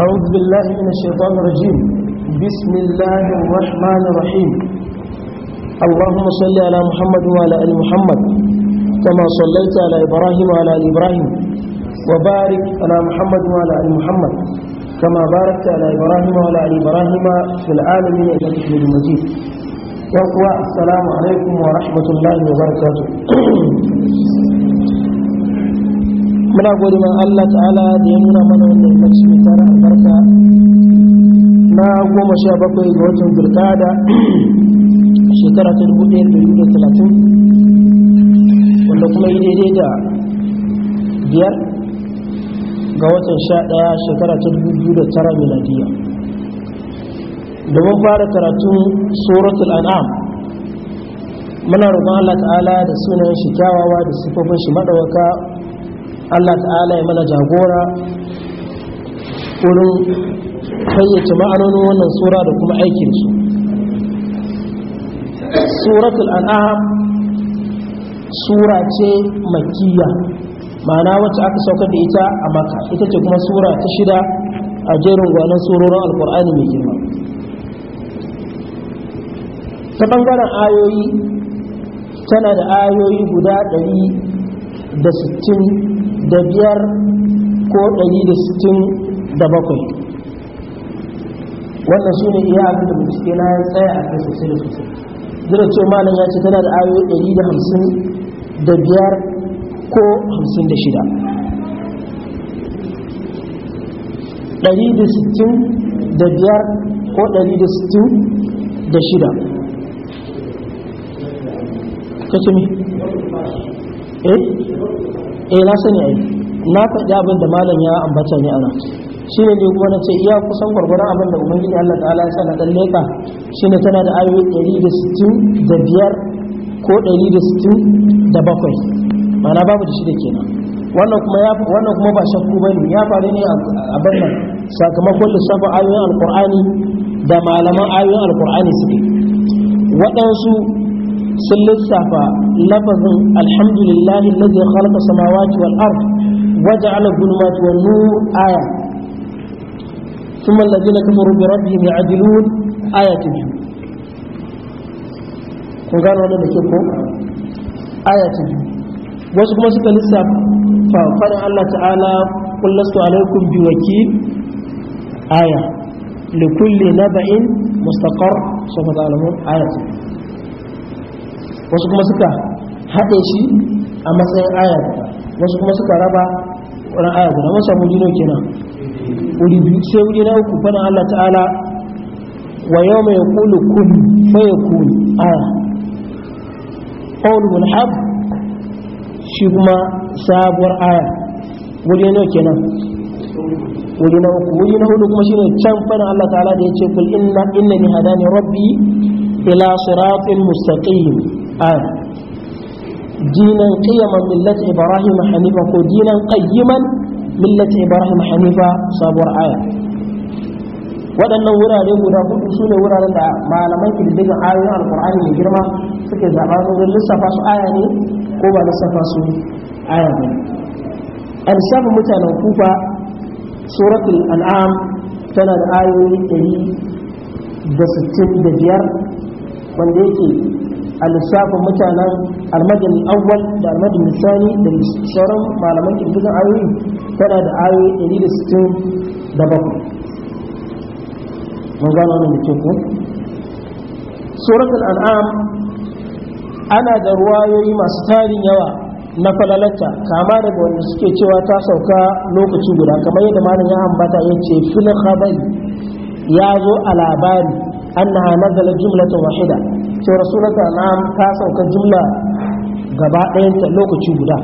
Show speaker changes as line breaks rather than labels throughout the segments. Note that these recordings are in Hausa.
أعوذ بالله من الشيطان الرجيم بسم الله الرحمن الرحيم اللهم صل على محمد وعلى آل محمد كما صليت على إبراهيم وعلى آل إبراهيم وبارك على محمد وعلى آل محمد كما باركت على إبراهيم وعلى آل إبراهيم في العالمين إنك حميد مجيد يقوى السلام عليكم ورحمة الله وبركاته muna gode ma Allah ta'ala da ya nuna mana wannan lokaci mai tara albarka na goma sha bakwai ga watan zulkada shekara ta dubu ɗaya da dubu talatin wanda kuma yi daidai da biyar ga watan sha ɗaya shekara ta dubu biyu da tara miladiya domin fara karatun suratul an'am muna roƙon Allah ta'ala da sunayen shi kyawawa da sifofin shi madawaka Allah ta'ala ya mana jagora wurin fayyace ma'anonin wannan sura da kuma aikin aikinsu suratul an'am sura ce makiyya ma'ana wacce aka sauka da ita a maka ita ce kuma sura ta shida a jerin gwanon surorin alkur'ani mai girma ta bangaren ayoyi tana da ayoyi guda ɗari da sittin. da biyar ko ɗari da sittin da bakwai wannan su ne iya abin da bincike na ya tsaya a kan sosai da sosai zira ce malam ya ce tana da ayoyi ɗari da hamsin da biyar ko hamsin da shida ɗari da sittin da biyar ko ɗari da sittin da shida kace mi eh eh na sani ai na faɗi abin da malam ya ambata ni ana shi ne dai kuma na ce iya kusan gwargwaron abin da ubangiji allah ta'ala ya sana ɗan leka shi ne tana da ayoyi ɗari da sittin da biyar ko ɗari da sittin da bakwai ma'ana babu da shida kenan wannan kuma ya wannan kuma ba shakku ba ne ya faru ne a bannan sakamakon lissafin ayoyin alƙur'ani da malaman ayoyin alƙur'ani suke waɗansu sun lissafa lafazin alhamdulillahi allazi khalaqa samawati wal ard ala dhulumati wan nur aya thumma alladhina kafaru bi rabbihim ya'dilun aya ta biyu kun gano wannan da ke ko aya ta biyu wasu kuma suka lissafa faɗin Allah ta'ala kullastu alaikum bi wakil aya likulli naba'in mustaqar saboda alamun aya ta biyu wasu kuma suka haɗe shi a matsayin ayar, wasu kuma suka raba wani ayar. guda wasu abu dino kenan wuri biyu sai wuri na uku fana Allah ta'ala wa yau mai kulu kun fa ya kulu aya qawlul haq shi kuma sabuwar aya wuri na kenan wuri na uku wuri na hudu kuma shi ne can fana Allah ta'ala da ya ce, kul inna innani hadani rabbi ila siratin mustaqim aya dinan qiyaman millat ibrahim hanifa ko dinan qayyiman millat ibrahim hanifa sabuwar aya waɗannan wurare guda hudu su ne wuraren da malaman kididdigan ayoyin alkur'ani mai girma suke zaɓa wajen lissafa su aya ne ko ba lissafa su aya ne a lissafin mutanen kufa suratul an'am tana da ayoyi ɗari da sittin da biyar wanda yake a lissafin mutanen almadin awwal da almadin misali da sauran malaman kirgizan ayoyi tana da ayoyi 167 mun gano wannan da ko suratul an'am ana da ruwayoyi masu tarin yawa na falalata kama daga wanda suke cewa ta sauka lokaci guda kamar yadda malam ya ambata ya ce filin khabari ya zo a labari annaha nazala jumlatun wahida ce rasulaka na ta sauka jumla gaba ɗayanta lokaci guda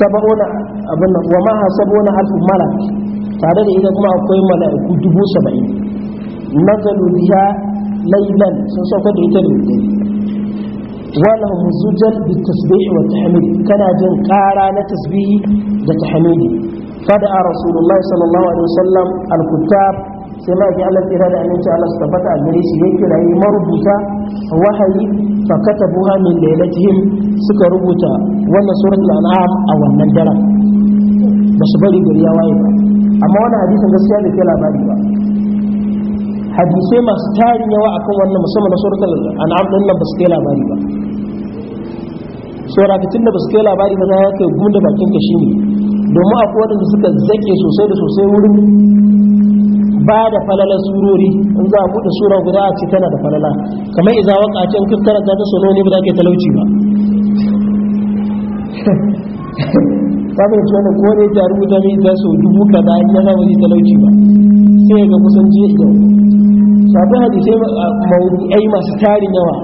saba'una abin nan wa ma'a saba'una alfin malak tare da ita kuma akwai mala'iku dubu saba'in nazalu biha laylan sun sauka da ita da dare wala muzujal bi tasbih wa tahmid kana jin kara na tasbihi da tahmidi fada rasulullahi sallallahu alaihi wasallam al-kuttab sai ma'aikin Allah tsira da aminci Allah su tabbata a gare shi ya rayu marubuta wahayi fakata buha min lailatihim suka rubuta wannan suratul an'am a wannan daren ba su bari gari ya waye ba amma wannan hadisin gaskiya da ke labari ba hadisai masu tarin yawa akan wannan musamman na suratul an'am din nan ba su kai labari ba saboda da ba su kai labari ba ya kai gunda bakin ka ne domin akwai wadanda suka zake sosai da sosai wurin ba da falalar surori in za a buɗe sura guda a ce tana da falala kamar iza waka ce in kun karanta ta sono ne ba za ka yi talauci ba ta bai ce wani kone ta rubuta mai ta so dubu kaza ya za wani talauci ba sai ga kusan jiya sabu hadisai mawdu'ai masu tarin yawa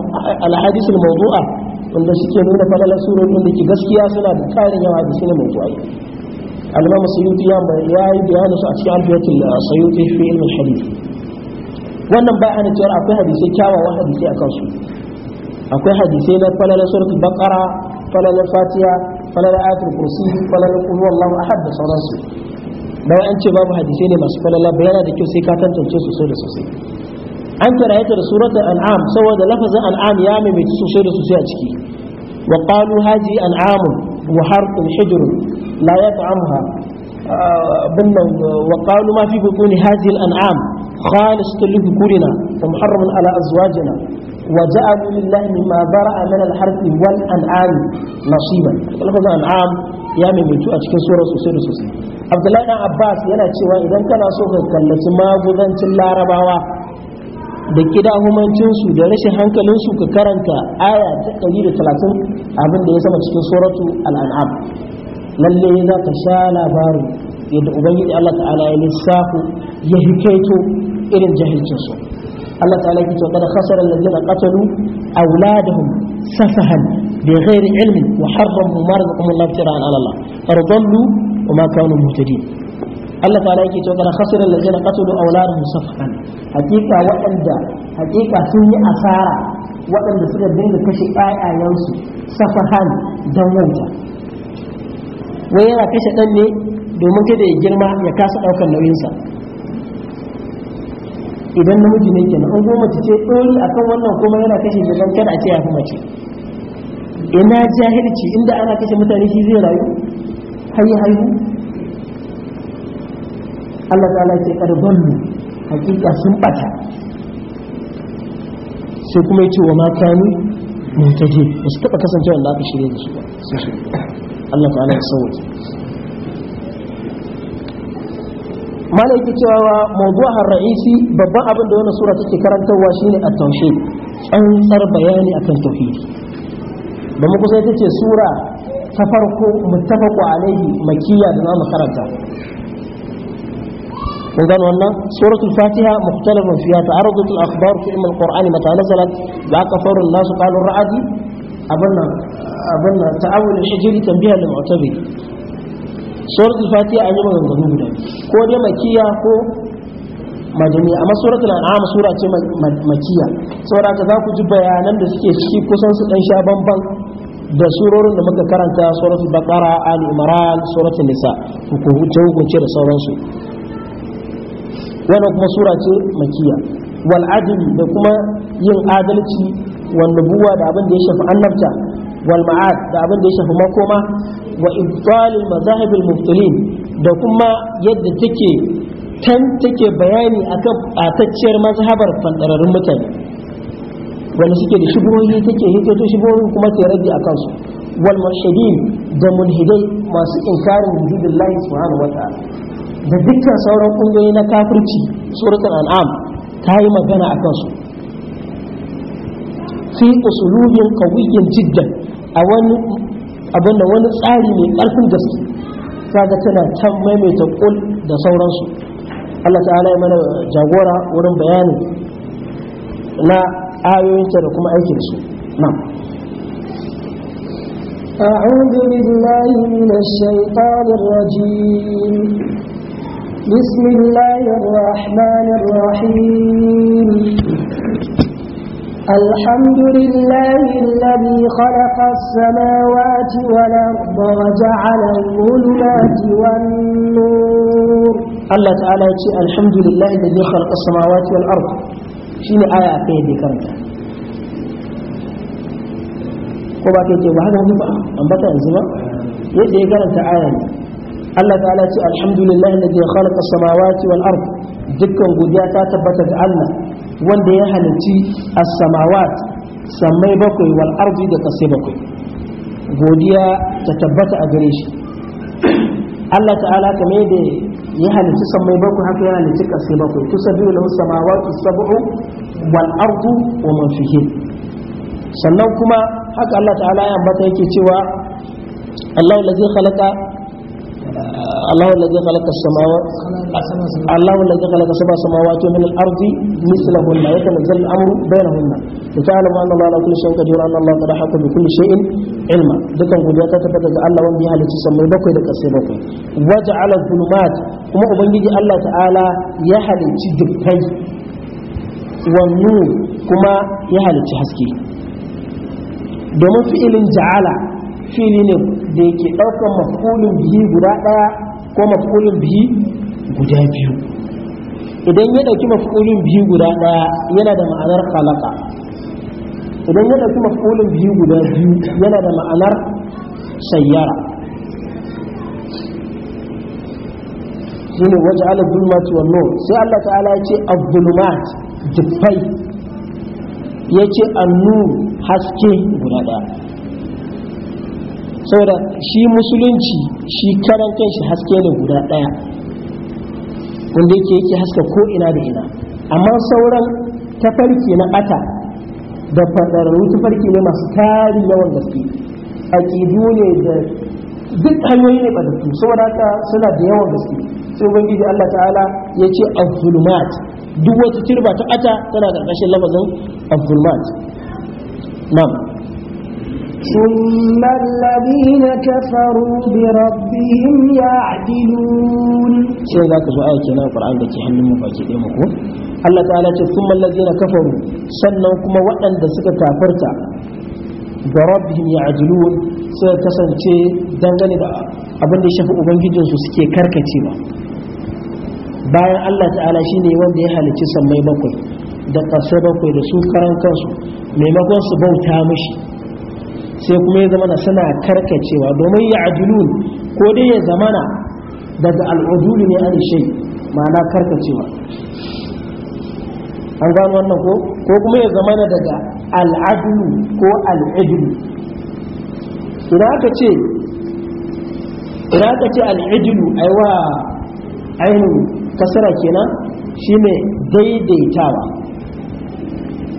alhadisul mawdu'a wanda suke nuna falalar surori da ke gaskiya suna da tarin yawa hadisai na mawdu'ai al-imam suyuti ya yi bayanin su a cikin alfiyatul suyuti fi ilmin hadith wannan bai hana cewa akwai hadisai kyawawan hadisai akan su akwai hadisai na falalar suratul baqara falalar fatiha falalar ayatul kursi falalar qul huwallahu ahad da sauransu bai an ce babu hadisai ne masu falala ba yana da kyau sai ka tantance sosai da sosai an karayata da suratul an'am saboda lafazin an'am ya maimaitu sosai da sosai a ciki wa qalu hadhihi an'amun wa harqun hijrun la yat'amha abin nan wa qalu ma fi butuni hadhihi al-an'am khalisatun li dhukurina wa muharramun ala azwajina wa ja'alu lillahi mimma bara'a min al-harth wal an'am nasiban lafazin an'am ya maimaitu a cikin surar sosai da sosai abdullahi dan abbas yana cewa idan kana so ka kallaci magudancin larabawa da kidahumancinsu da rashin hankalin su ka karanta aya ta 130 abin da ya sama cikin suratu al'an'am lalle za ka sha labarin yadda ubangiji Allah ta'ala ya lissafu ya hikaito irin jahilcin su Allah ta'ala ya ce kada khasara alladhina qatalu awladahum safahan bighairi ilmin wa harramu ma razaqahum tiraan ala Allah fardallu wa ma kanu muhtadin Allah ta'ala yake cewa kana khasiran lazina qatalu awladahum safhan hakika waɗanda hakika sun yi asara waɗanda suka dinga kashe ƴaƴayensu safahan dan wanta wai yana kashe ɗan ne domin kada ya girma ya kasa ɗaukar nauyinsa idan namiji ne kenan an goma ce ɗori akan wannan kuma yana kashe shi don kada a ce ya fi mace ina jahilci inda ana kashe mutane shi zai rayu hayi haihu Allah ta'ala ce ƙarfin mu hakika sun ɓata sai kuma ya ce wa mata ne mutaje ba su taɓa kasancewa da aka shirya da su ba Allah ta'ala ya sauke mana yake cewa mawdu'a ra'isi babban abin da wannan sura take karantarwa shine at-tauhid tsantsar bayani akan tauhidi domin kusa ita ce sura ta farko muttafaqu alaihi makiyya da zamu karanta من قال والله سورة الفاتحة مختلف فيها تعرضت الأخبار في علم القرآن متى نزلت لا كفر الناس قالوا الرعد أبنا abin nan ta'awul hijri tambiya lil mu'tabir suratul fatiha an yi maganganu guda ko dai makiya ko madaniya amma suratul an'am sura ce makiya saboda da za ku ji bayanan da suke ciki kusan su dan sha bamban da surorin da muka karanta suratul baqara ali imran suratul nisa hukunce hukunce da sauransu wannan kuma sura ce makiya wal adl da kuma yin adalci wal buwa da abin da ya shafi annabta Walma'ad, da abin da ya shafi makoma wa ibtalil mazahibil mubtilin da kuma yadda take tan take bayani atacciyar mazhabar fandararrun mutane wanda suke da shubuhohi take hikato shubuhohin kuma ta rabi a kansu wal mulhidin da mulhidai masu inkarin wujudillahi subhanahu wa da dukkan sauran ƙungiyoyi na kafirci suratul an'am ta yi magana a kansu fi usulubin qawiyyin jiddan a wani abinda da wani tsari mai ƙarfin gas, kaga tana can maimaita kul da sauransu Allah ta'ala ya mana jagora wurin bayani na ayoyinta da kuma aikin su na'am
أعوذ بالله من الشيطان الرجيم بسم الله الرحمن الرحيم الحمد لله الذي خلق السماوات والأرض وجعل الظلمات والنور
الله تعالى يقول الحمد لله الذي خلق السماوات والأرض شين آية في ذكرنا كما كنت وهذا هو بطأ أنزما آه. يدي كانت آية الله تعالى يقول الحمد لله الذي خلق السماوات والأرض ذكر قد يأتى تبتت عنه wanda ya halarci as-samawat sammai bakwai wal ardi da kasai bakwai godiya ta tabbata a gare shi Allah ta'ala kamar da ya halarci sammai bakwai haka ya halarci kasai bakwai tusabbihu lahu samawati sab'u wal ardu wa man fihi sannan kuma haka Allah ta'ala ya ambata yake cewa Allah allazi khalaqa الله الذي خلق السماوات الله الذي خلق سبع سماوات من الارض مثلهن يتنزل الامر بينهن وتعلم ان الله على كل شيء قدير ان الله قد احاط بكل شيء علما دكان godiya ta tabbata ga Allah wanda ya halicci sammai bakwai da ƙasai bakwai waja'ala dhulumat kuma ubangiji Allah ta'ala ya halicci dukkai wannu kuma ya halicci haske domin fi'ilin ja'ala fili ne da yake ɗaukar mafulin biyu guda ɗaya ko maf'ulun biyu guda biyu idan ya dauki maf'ulun biyu guda daya yana da ma'anar khalaqa idan ya dauki maf'ulun biyu guda biyu yana da ma'anar sayyara shine waje ala zulmati wan nur sai Allah ta'ala ya ce az jiffai ya yace an-nur haske guda daya saboda shi musulunci shi karan shi haske ne guda ɗaya wanda yake yake haska ko ina da ina amma sauran tafarki na ata da fadararru tafarki ne masu tari yawan gaske aƙidu ne da duk hanyoyi ne ɓatattu saboda haka suna da yawan gaske sai ubangiji Allah ta'ala ya ce abdulmat duk wata turba ta ata tana ƙarƙashin lafazin abdulmat na'am
ثم الذين كفروا بربهم يعدلون
sai za ka zo aya kenan Qur'an da ke hannun mu baki ɗaya Allah ta'ala ce thumma allazina kafaru sannan kuma waɗanda suka kafarta ga rabbihim ya'dilun kasance dangane da abin da ya shafi ubangijin su suke karkacewa bayan Allah ta'ala shine wanda ya halarci sammai bakwai da ƙasa bakwai da su karan su, maimakon su bauta mishi sai kuma ya zamana suna karkacewa domin ya adilun ko dai ya zamana daga al'udulu ne an shai ma'ana karkacewa an gano wannan ko ko kuma ya zamana daga al'adulu ko al'idulu idan aka ce idan aka ce al'idulu aiwa ainihin kasara kenan shine daidaitawa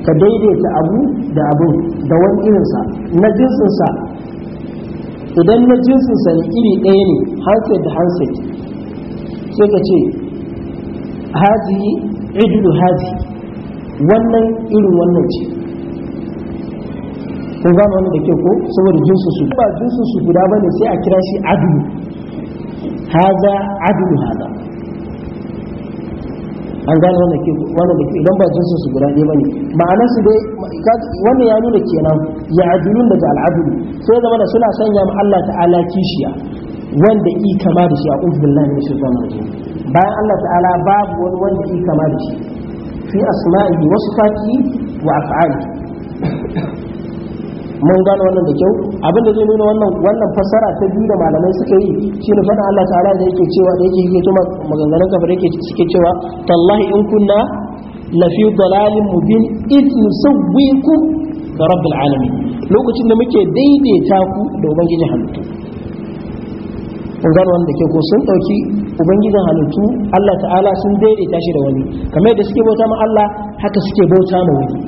ka daidaita abu da abu da wani irinsa na jinsinsa idan na jinsinsa ne iri ɗaya ne handset da handset sai ka ce hazi idu haji wannan irin wannan ce kun gano wani da ke ko saboda jinsu su ba jinsu su guda bane sai a kira shi adu haza adu haza an gane wanda ke wanda da ke idan ba jinsin su guda ɗaya bane ma'anar su dai wannan ya nuna kenan ya adilun daga al'adulu sai zama da suna sanya mu Allah ta'ala kishiya wanda i kama da shi a ubillahi ne shaitan rajim bayan Allah ta'ala babu wani wanda i kama da shi fi asma'i wasu sifatihi wa af'ali mun gane wannan da kyau abin da zai nuna wannan wannan fassara ta biyu da malamai suka yi shine faɗin Allah ta'ala da yake cewa da yake yake kuma maganganun kafir yake suke cewa tallahi in kunna fi dalalin mubin id nusawwikum da rabbil alamin lokacin da muke daidaita ku da ubangijin halittu Mun gano da kyau ko sun dauki ubangijin halittu Allah ta'ala sun daidaita shi da wani kamar yadda suke bauta ma Allah haka suke bauta ma wani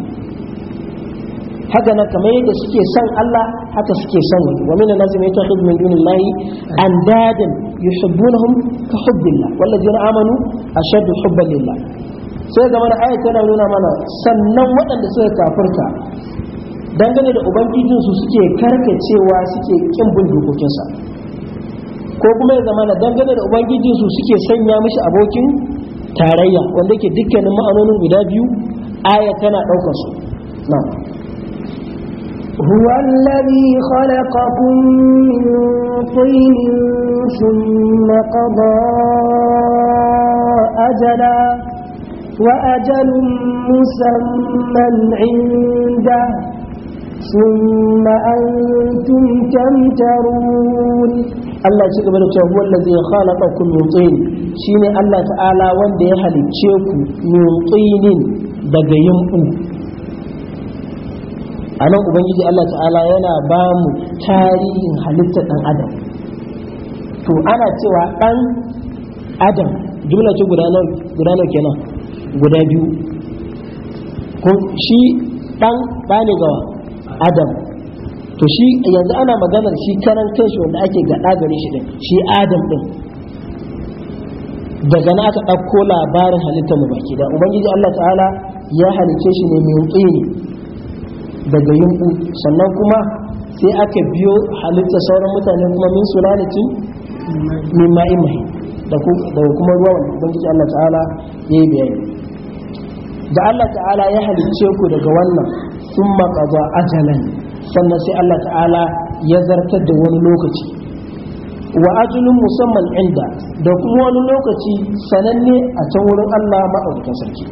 haka na kamar yadda suke son Allah haka suke son wa min an-nas man yattakhidhu min dunillahi andadan yuhibbunahum ka hubbillah wallazina amanu ashaddu hubban lillah sai ga mana ayat tana nuna mana sannan waɗanda suka kafirta dangane da ubangijin su suke karkacewa suke kin bin dokokinsa ko kuma ya zama dangane da ubangijin su suke sanya mishi abokin tarayya wanda ke dukkanin ma'anonin guda biyu aya tana ɗaukar
su na'am هو الذي خلقكم من طين ثم قضى أجلا وأجل مسمى عنده ثم أنتم تمترون
الله شكرا يقبل هو الذي خلقكم من طين شيني الله تعالى وانده يحلي شيكم من طين دقيمكم a nan ubangiji Allah ta'ala yana ba mu tarihin halittar ɗan adam to ana cewa ɗan adam jumla ce guda nawa kenan guda biyu ko shi ɗan bane gawa adam to shi yanzu ana maganar shi karan kanshi wanda ake gaɗa gare shi din shi adam ɗin daga na aka ɗauko labarin halittar mu baki da ubangiji Allah ta'ala ya halice shi ne mai tsini daga yunku sannan kuma sai aka biyo halitta sauran mutane kuma min sulalatin min ma'in daga kuma ruwa wanda ubangiji Allah ta'ala ya yi bayani da Allah ta'ala ya halicce ku daga wannan sun maƙaza ajalan sannan sai Allah ta'ala ya zartar da wani lokaci wa ajalin musamman inda da kuma wani lokaci sananne a can wurin Allah ma'aukata sarki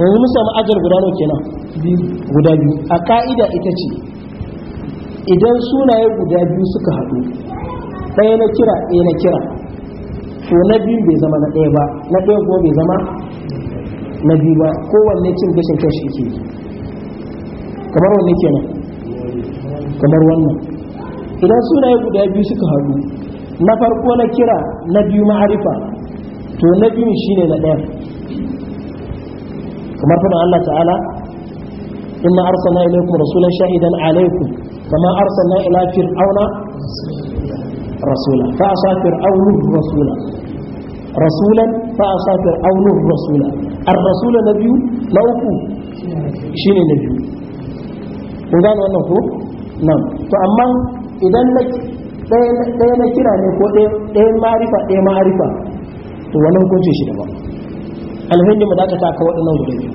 yanzu mun samu ajar guda nawa kenan guda biyu a ka'ida ita ce idan sunaye guda biyu suka haɗu ɗaya na kira ɗaya na kira to na biyu bai zama na ɗaya ba na ɗaya kuma bai zama na biyu ba kowanne cin gashin kanshi yake kamar wanne kenan kamar wannan idan sunaye guda biyu suka haɗu na farko na kira na biyu ma'arifa to na shi shine na ɗaya kamar faɗin Allah ta'ala inna arsalna ilaykum rasulan shahidan alaykum kama arsalna ila fir'auna rasula fa asa fir'aunu rasula rasulan fa asa fir'aunu rasula ar-rasul na biyu na shine na biyu kun gane wannan ko nan to amma idan na ɗaya na kira ne ko ɗaya ma'arifa ɗaya ma'arifa to wani hukunci shi daban alhindi mu dakata ka waɗannan guda biyu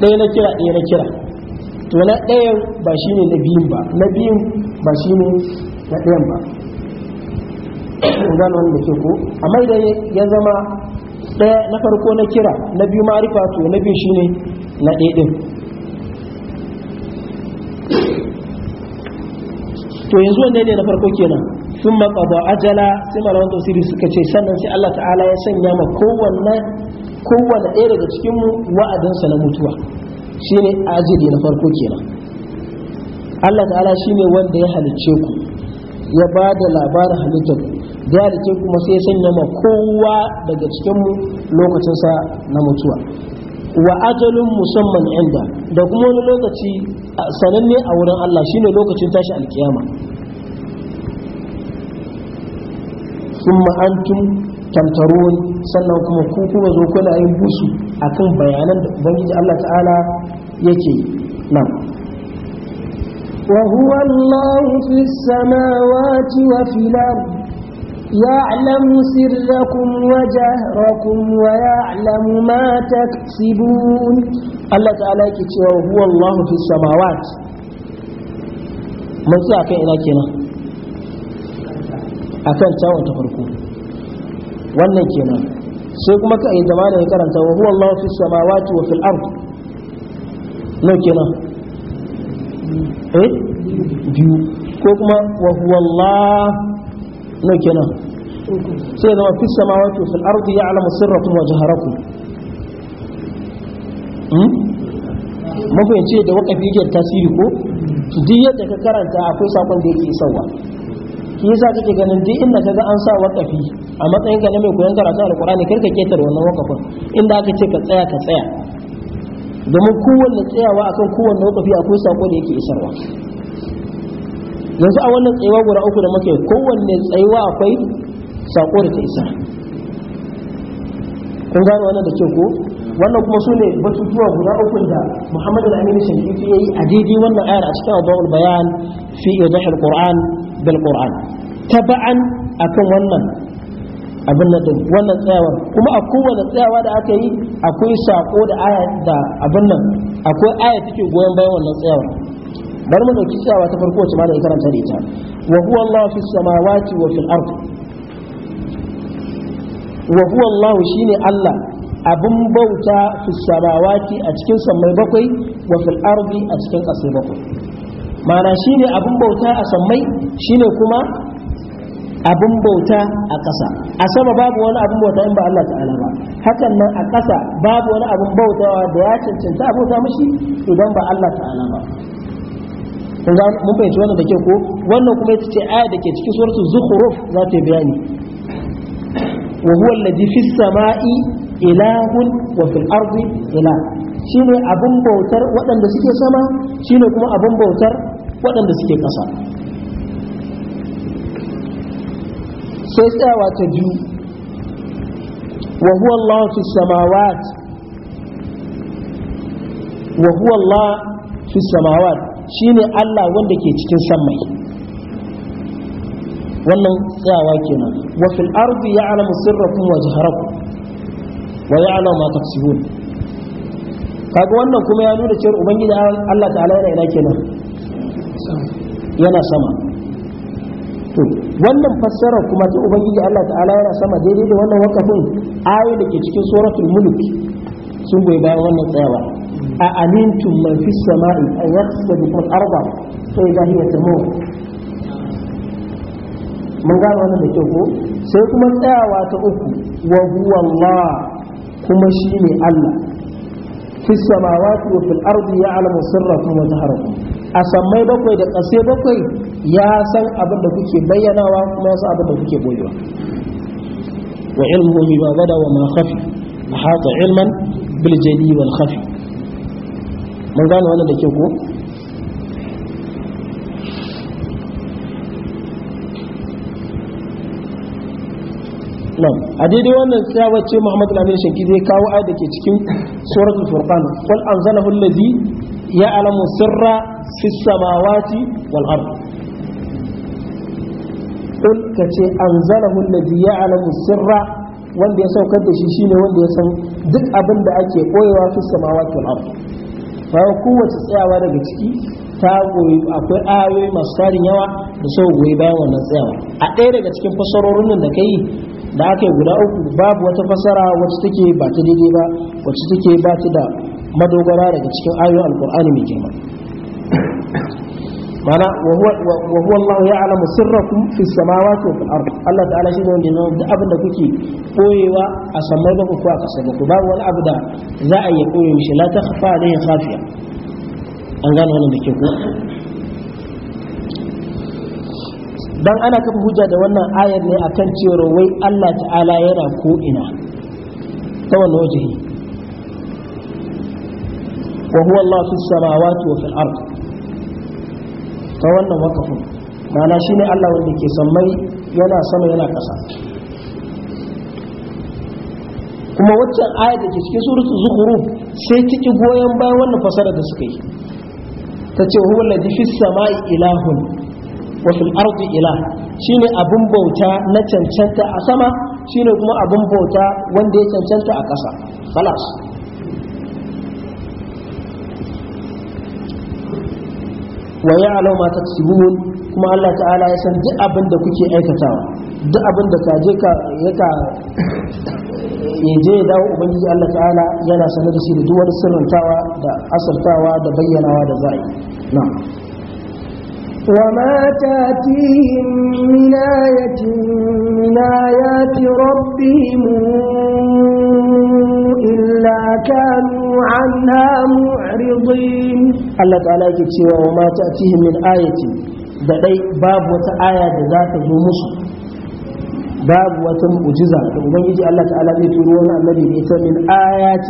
ɗaya na kira ɗaya na kira to na ɗayan ba shi ne na biyun ba na biyun ba shi ne na ɗayan ba kun gano wanda ke ko amma idan ya zama ɗaya na farko na kira na biyu ma'arifa to na biyu shine na ɗaya ɗin to yanzu wanda ne na farko kenan sun maƙaba ajala sai malaman tausiri suka ce sannan sai Allah ta'ala ya sanya ma kowanne kowane ɗaya daga cikinmu wa'adinsa na mutuwa shine ajili na farko kenan Allah ta'ala ne wanda ya halicce ku ya ba da labarin halittar da ya halicce kuma sai ya sanya ma kowa daga cikinmu lokacinsa na mutuwa wa ajalin musamman inda da kuma wani lokaci sananne a wurin Allah shine lokacin tashi alkiyama sun أنتم tamtarun sannan kuma ku kuma zo kuna yin busu akan bayanan da ubangiji Allah ta'ala yake nan
وهو الله في السماوات وفي الأرض يعلم سركم وجهركم ويعلم ما تكسبون
Allah ta'ala yake cewa huwa Allah fi samawat mun sai ina kenan akan tawon ta farko wannan kenan sai kuma ka yi jama'a da ya karanta wa huwa Allah fi samawati wa fil ard nan kenan eh biyu ko kuma wa huwa Allah nan, kenan sai zama fi samawati wa fil ard ya'lamu sirrakum wa jaharakum mafi hmm? ce da wakafi yake tasiri ko su duk yadda ka karanta akwai sakon da yake isarwa shi yasa kake ganin duk inda kaga an sa wakafi a matsayin ka na mai koyon karatu alqur'ani karka ketare wannan wakafin inda aka ce ka tsaya ka tsaya domin kowanne tsayawa akan kowanne wakafi akwai sako da yake isarwa yanzu a wannan tsayawa guda uku da muke kowanne tsayawa akwai sako da ta isa kun gano wannan da ke ko wannan kuma su ne batutuwa guda uku da muhammad al-amin shafi'i ya yi a daidai wannan ayar a cikin adawul bayan fi idahil ƙoran bil qur'an taba'an akan wannan abin nan din wannan tsayawar kuma a kowane tsayawa da aka yi akwai saƙo da aya da abin nan akwai aya take goyon bayan wannan tsayawar bari mu dauki tsayawa ta farko wacce ma da karanta da ita wa huwa allah fi samawati wa fil ard wa huwa allah shine allah abin bauta fi samawati a cikin sammai bakwai wa fil ardi a cikin ƙasai bakwai mana shine abin bauta a sammai shine kuma abin bauta a ƙasa a sama babu wani abin bauta in ba Allah ta'ala ba hakan nan a ƙasa babu wani abin bautawa da ya cancanta a bauta mashi idan ba Allah ta'ala ba mun fahimci wannan da ke ko wannan kuma ita ce aya da ke cikin suratul zukhruf za ta yi bayani wa huwa alladhi fis sama'i ilahun wa fil ardi ilah shine abun bautar waɗanda suke sama shine kuma abun bautar waɗanda suke ƙasa sai tsayawa ta biyu wa huwa Allah fi samawat wa huwa Allah fi samawat shine Allah wanda ke cikin sammai wannan tsayawa kenan wa fil ardi ya'lamu sirrakum wa jaharakum wa ala ma taksibun kaga wannan kuma ya nuna cewa ubangiji Allah ta'ala yana ina kenan yana sama to wannan fassarar kuma ta ubangiji Allah ta'ala yana sama daidai da wannan wakafin ayoyi da ke cikin suratul mulk sun bai bayan wannan tsayawa a amintum man fis sama'i an yaqsa bi arda fa idha hiya tamur mun gano wannan da kyau ko sai kuma tsayawa ta uku wa huwa Allah kuma shi ne Allah fi samawati wa fil ardi ya'lamu sirrakum wa jaharakum a samai bakwai da ƙasa bakwai ya san abin da kuke bayyanawa kuma ya san abin da kuke boyewa wa ilmuhu bima bada wa ma khafi ahata ilman bil jali wal khafi mun gane wannan da ke ko nan a daidai wannan tsawa ce Muhammad Lamin Shanki zai kawo ayat da ke cikin suratul Furqan qul anzalahu ya ya'lamu sirra fis samawati wal ard qul kace anzalahu ya ya'lamu sirra wanda ya saukar da shi ne wanda ya san duk abin da ake koyewa fis samawati wal ard kowace tsayawa daga ciki ta goyi akwai ayoyi masu tsarin yawa da sau goyi bayan wannan tsayawa a ɗaya daga cikin fasarorin da ka yi da aka yi guda uku babu wata fasara wacce take ba ta daidai ba wacce take ba ta da madogara daga cikin ayoyin alkur'ani mai girma mana wa huwa Allah alamu sirrakum fi samawati wa fil ard Allah ta'ala shi ne wanda ya duk abin da kuke koyewa a samai ba ku ko a kasai ku babu wani abu da za a yi koyo shi la khafa alayhi khafiya an gano wannan da ke ku dan ana kafa hujja da wannan ayar ne akan cewa wai Allah ta'ala yana ko ina ta wannan waje wa huwa Allah fi samawati wa fil ard ta wannan wakafin mana shine Allah wanda ke sammai yana sama yana kasa kuma waccan ayar da ke cikin suratul zukhruf sai ciki goyen bayan wannan fasara da suka yi ta ce huwa ladhi fis samai ilahun Wasu arzi ila ila shine abin bauta na cancanta a sama shine kuma abin bauta wanda ya cancanta a ƙasa khalas wa alau ma taksibun kuma Allah ta'ala ya san duk abin da kuke aikatawa duk abin da ka je ka yaka ya je ya dawo ubangiji Allah ta'ala yana sanar da shi da duk wani sirrantawa da asartawa da bayyanawa da za'i na'am
وما تاتيهم من آية من آيات ربهم إلا كانوا عنها معرضين
الله تعالى يكتوى وما تأتيهم من آية بدأي باب وتآية ذات المسو باب وتم أجزا ومن يجي الله تعالى يتروون النبي من آيات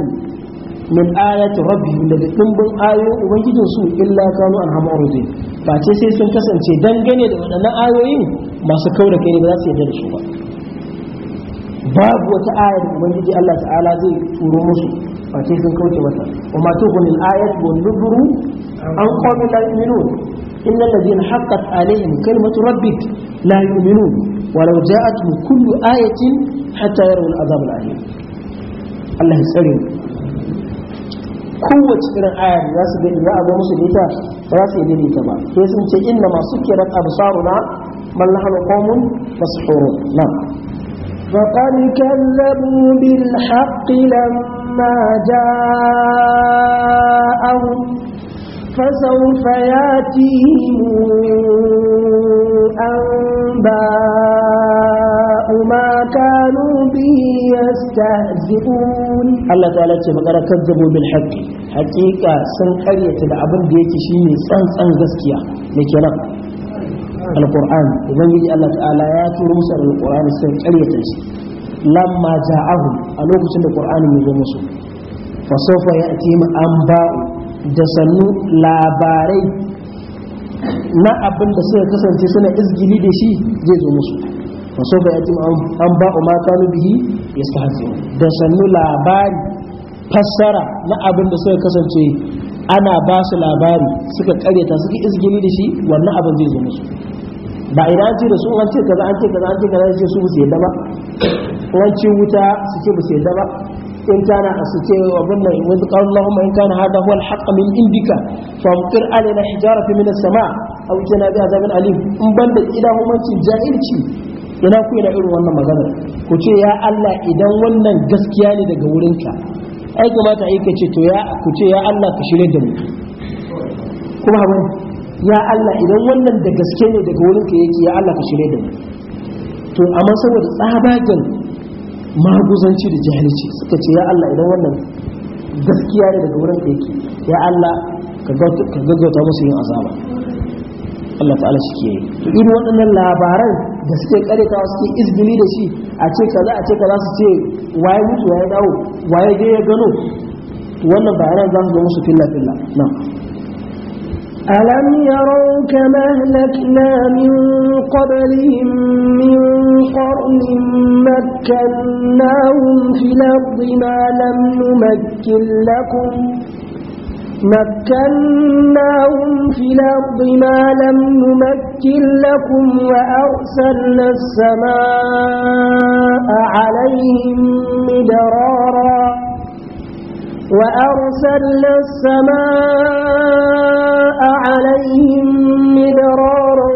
min ayati rabbihim daga dimbin ayoyin ubangijin su illa kanu an hamu ruzin ba ce sai sun kasance dangane da waɗannan ayoyin masu kaura kai ne ba za su yarda da su ba babu wata ayar ubangiji Allah ta'ala zai turo musu ba ce sun kauce wata kuma to gunin ayat wa nuduru an qawmi la yu'minun inna alladhina haqqat alaihim kalimatu rabbik la yu'minun walau ja'atuhum kullu ayatin hatta yarawul azab al-alim Allah ya tsare mu kowace irin aya za su gani za a zo musu da ita ba za su yi gani ba sai sun ce inna masu kirat absaruna bal nahnu qaumun mas'urun na
فقد كذبوا بالحق لما جاءهم فسوف ياتيهم أنباء ما كانوا به يستهزئون
الله تعالى فقد كذبوا بالحق حقيقة سن قرية العبد ديك شيء سن سن غسكيا لكنا القرآن وبنجي الله تعالى ياتي موسى القرآن سن قرية لما ya ألوك سن القرآن من موسى فسوف يأتيهم da sannu labarai na abin da suka kasance suna izgili da shi zai zo musu wa sofa ya ji an ba mata kanu bihi ya sahazi da sannu labari fassara na abin da suka kasance ana ba su labari suka karyata suka izgili da shi wannan abin zai zo musu ba ina an ce da su an ce kaza an ce kaza an ce kaza ce su su yadda ba an wuta su ce ba su yadda ba in kana su ce abin nan wanda qala Allahumma in kana hada huwa al-haqq min indika fa amtir alaina hijaratan min as-sama' A wuce na bi azabin alim in banda idahumanci jahilci ina ku ina irin wannan magana ku ce ya Allah idan wannan gaskiya ne daga wurinka ai kuma ta ka ce to ya ku ce ya Allah ka shirye da mu kuma hawa ya Allah idan wannan da gaske ne daga wurinka yake ya Allah ka shirye da mu to amma saboda tsabagen maguzanci da jahilci suka ce ya Allah idan wannan gaskiya ne daga wurinka yake ya Allah ka gaggauta musu yin azaba Allah ta'ala shi ke yi to irin waɗannan labaran da suke karyatawa suke izgili da shi a ce kaza a ce kaza su ce waye mutu waye dawo waye dai ya gano wannan bayanan za mu zo musu filla filla nan
ألم يروا كما أهلكنا من قبلهم من قرن مكناهم في الأرض ما لم نمكن لكم مكناهم في الأرض ما لم نمكن لكم وأرسلنا السماء عليهم مدرارا وأرسلنا السماء عليهم مدرارا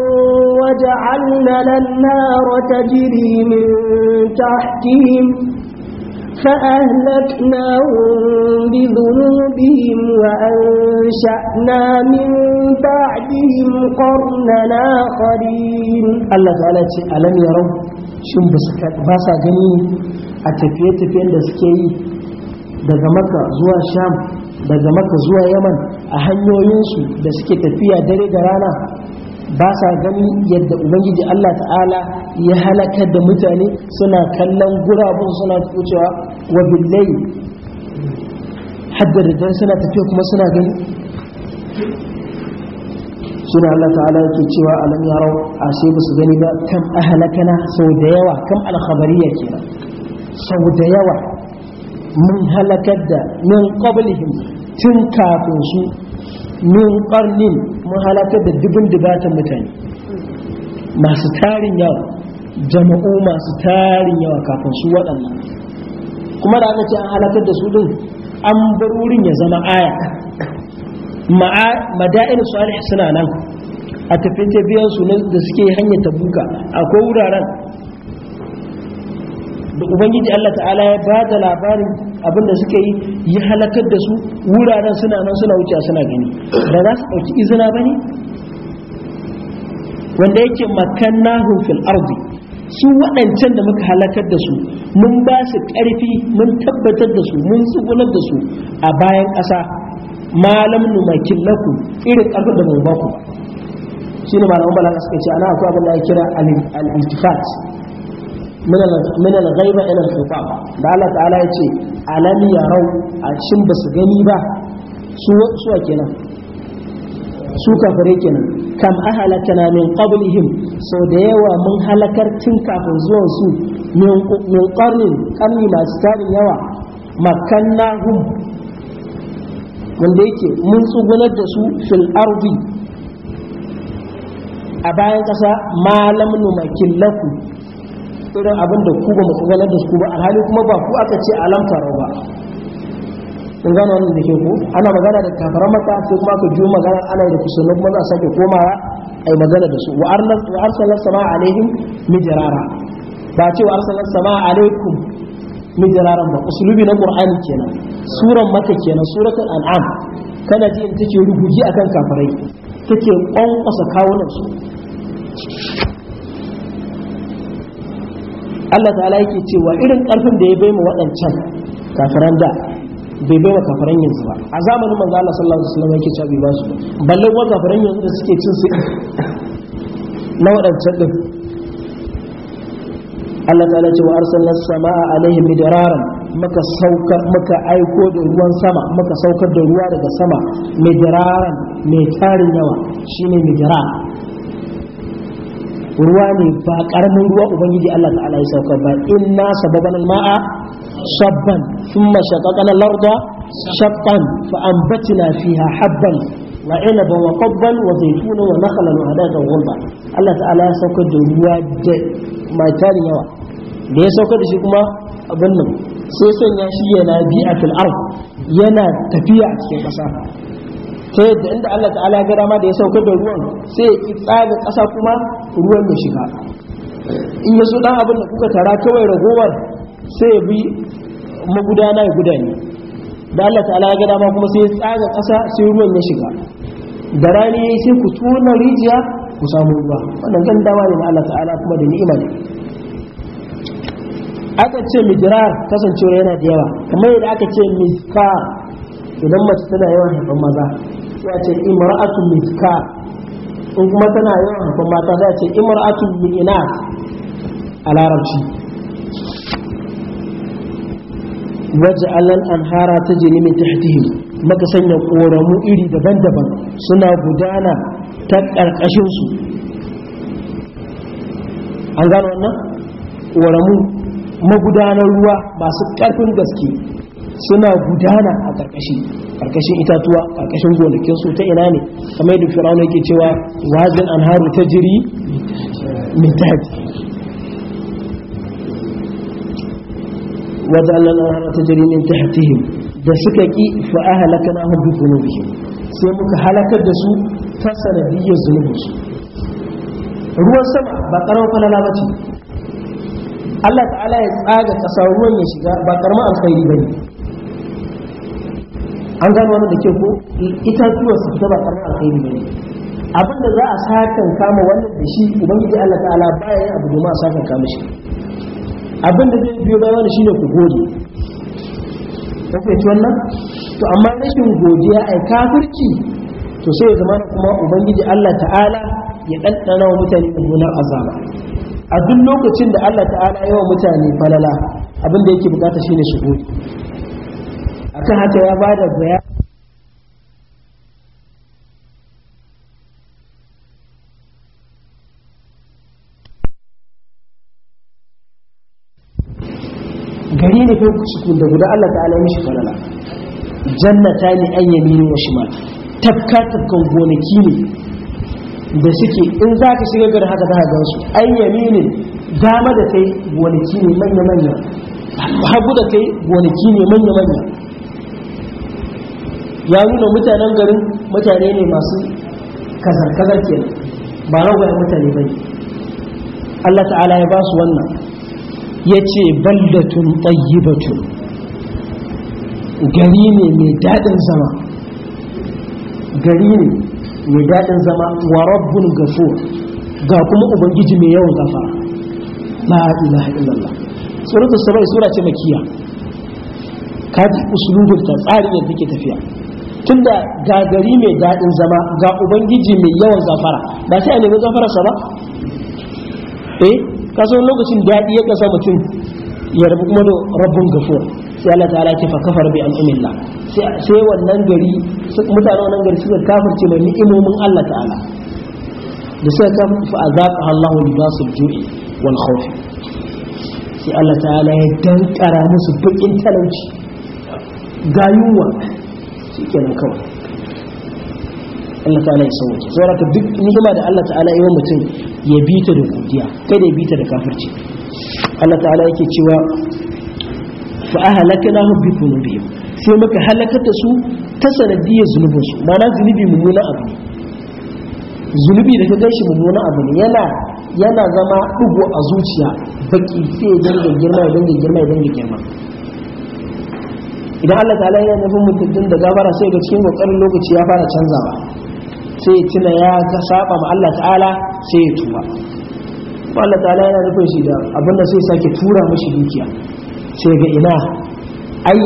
وجعلنا للنار تجري من تحتهم فأهلكناهم بذنوبهم وأنشأنا من بعدهم قرننا آخرين الله تعالى
ألم يروا شن باسا جني التفية تفية لسكي daga maka zuwa sham daga maka zuwa yaman a hanyoyinsu da suke tafiya dare da rana ba sa gani yadda ubangiji Allah ta'ala ya halakar da mutane suna kallon gurabun suna wucewa wa billai haddar da suna tafiya kuma suna gani suna Allah ta'ala yake cewa alam yarau a sai ba su gani ba kam ahalakana sau da yawa kam alkhabariya kenan sau da yawa mun halakar da min qablihim tun kafin su min qarnin mun da dubin dubatan mutane masu tarin yawa jama'u masu tarin yawa kafin su waɗannan kuma da aka ce an halakar da su din an bar wurin ya zama aya mada'in salih suna nan a tafin tafiyar su da suke hanyar tabuka akwai wuraren da ubangiji Allah ta'ala ya ba da labarin abinda suka yi ya halakar da su wuraren suna nan suna wuce suna gani da za su ɗauki izina ba ne wanda yake makanna fil ardi su waɗancan da muka halakar da su mun ba su ƙarfi mun tabbatar da su mun tsugunar da su a bayan ƙasa malam numakin laku irin ƙarfi da mai baku ku shi ne malaman balaga suka ce ana akwai abin da ya kira al-iltifat min al-ghaiba ila al-khitab da Allah ta'ala ya ce a shin ba gani ba su su kenan su kafare kenan kam ahalakana min qablihim sau da yawa mun halakar tun kafin zuwan su min qarnin masu tarin yawa makannahum wanda yake mun tsugunar da su fil ardi a bayan ƙasa malam numakin lakum irin abin da ku ba mu sanar da su ba alhali kuma ba ku aka ce alam ba In gano wannan da ke ku ana magana da kafaran maka ko kuma aka jiyo magana ana da kusurna kuma za a sake komawa a yi magana da su wa arsalar sama alaihim mijirara ba ce wa arsalar sama alaikum mijiraran ba usulubi na qur'ani kenan suran maka kenan suratul an'am kana ji in take rubuji akan kafarai take kwankwasa kawunan su Allah ta'ala yake cewa irin ƙarfin da ya bai mu waɗancan kafiran da bai bai wa kafiran yanzu ba a zamanin manzo Allah sallallahu alaihi wasallam yake cewa bai ba su balle wa kafiran yanzu da suke cin su na waɗancan din Allah ta'ala ce wa arsalna samaa alaihim midraran maka saukar muka aiko da ruwan sama muka saukar da ruwa daga sama midraran mai tarin yawa shine midrar ruwa ne ba karamin ruwa ubangiji Allah ta'ala ya sauka ba inna sababan ma'a sabban thumma shaqaqana al-arda shaqqan fa anbatna fiha habban wa inaban wa qabban wa zaytuna wa nakhlan wa hadadan ghulba Allah ta'ala ya sauka da ruwa da mai tarin yawa da ya sauka da shi kuma abin nan sai sanya shi yana bi'atul ard yana tafiya a cikin ƙasa ta yadda inda Allah ta'ala ya ga ma da ya saukar da ruwan sai ya ki tsaga ƙasa kuma ruwan ya shiga in ya so dan abin da kuka tara kawai ragowar sai ya bi magudana ya gudane da Allah ta'ala ya gara ma kuma sai ya tsaga ƙasa sai ruwan ya shiga da rani sai ku tona rijiya ku samu ruwa wannan kan dama ne na Allah ta'ala kuma da ni'ima ne aka ce mijirar kasancewa yana da yawa kamar yadda aka ce miska idan mace tana yawan haifan maza ya ce imra'atu miska in kuma tana yawan haifan mata za a ce imra'atu min a larabci waj'al al-anhara tajri mai tahtihim maka sanya koramu iri daban-daban suna gudana ta ƙarƙashinsu. an gano wannan koramu magudanar ruwa masu ƙarfin gaske suna gudana a ƙarƙashin ƙarƙashin itatuwa ƙarƙashin gonakin su ta ina ne kamar yadda firawun yake cewa wazin anharu ta jiri min tahti وجعلنا الأنهار ta jiri تحتهم da suka ƙi fa'ahalaka na hannun zunubi sai muka halakar da su ta sanadiyyar su. ruwan sama ba ƙaramar falala ba ce Allah ta'ala ya tsaga ƙasa ruwan ya shiga ba ƙaramar alkhairi ba ne an gano wani da ke ko itatuwa su ta ba a alkhairi bane abin da za a sakan kama wannan da shi ubangiji Allah ta'ala baya yin abu domin a sakan kama shi abin da zai biyo bayan shine ku gode ta kai wannan to amma rashin godiya ai kafirci to sai ya zama kuma ubangiji Allah ta'ala ya ɗanɗana wa mutane mummunar azaba a duk lokacin da Allah ta'ala ya wa mutane falala abinda da yake bukata shine su akan haka ya ba da bayan gari ne kai cikin da guda Allah ta'ala mishi falala jannata ne an ne wa shimal tafka tafkan gonaki ne da suke in za ka shiga gari haka za ka gan su an yamini dama da kai gonaki ne manya-manya hagu da kai gonaki ne manya-manya ya nuna mutanen garin mutane ne masu kazar-kazar ke ba ragwaya mutane bai. Allah ta'ala ya ba su wannan ya ce baldatun tayyibatun gari ne mai daɗin zama gari ne mai daɗin zama wa rabbun gafo ga kuma ubangiji mai yawan gafa la ilaha illallah suratul sabai sura ce makiya kaji usulubin ta tsari yadda ke tafiya tunda ga gari mai daɗin zama ga ubangiji mai yawan zafara, ba sai a nemi sa ba eh kasan lokacin daɗi ya kasa mutum ya rabu kuma da rabin gafur sai Allah ta'ala ya fa kafar bi al'umillah sai wannan gari mutane wannan gari suka kafirce mai ni'imomin Allah ta'ala da suka kafa fa azaqa Allahu libasul ju'i wal khawf sai Allah ta'ala ya dankara musu bukin talauci ga yunwa shi kenan kawai Allah ta'ala ya san wuce saboda ka duk ni'ima da Allah ta'ala ya mutum ya bi ta da godiya kai da ya bi ta da kafirci Allah ta'ala yake cewa fa ahlaknahum bi dhunubihim sai muka halakata su ta sanadiyar zunubinsu mana zunubi mummuna abu ne zunubi da ka gaishe mummuna abu ne yana yana zama ɗugu a zuciya baki sai ya danga girma ya danga girma ya danga girma idan Allah ta'ala yana nufin mutuntun da gabara sai ga cikin kokarin lokaci ya fara canzawa sai tuna ya ga saba ma Allah ta'ala sai ya tuba Allah ta'ala yana nufin shi da abinda sai sake tura mashi dukiya sai ga ina ai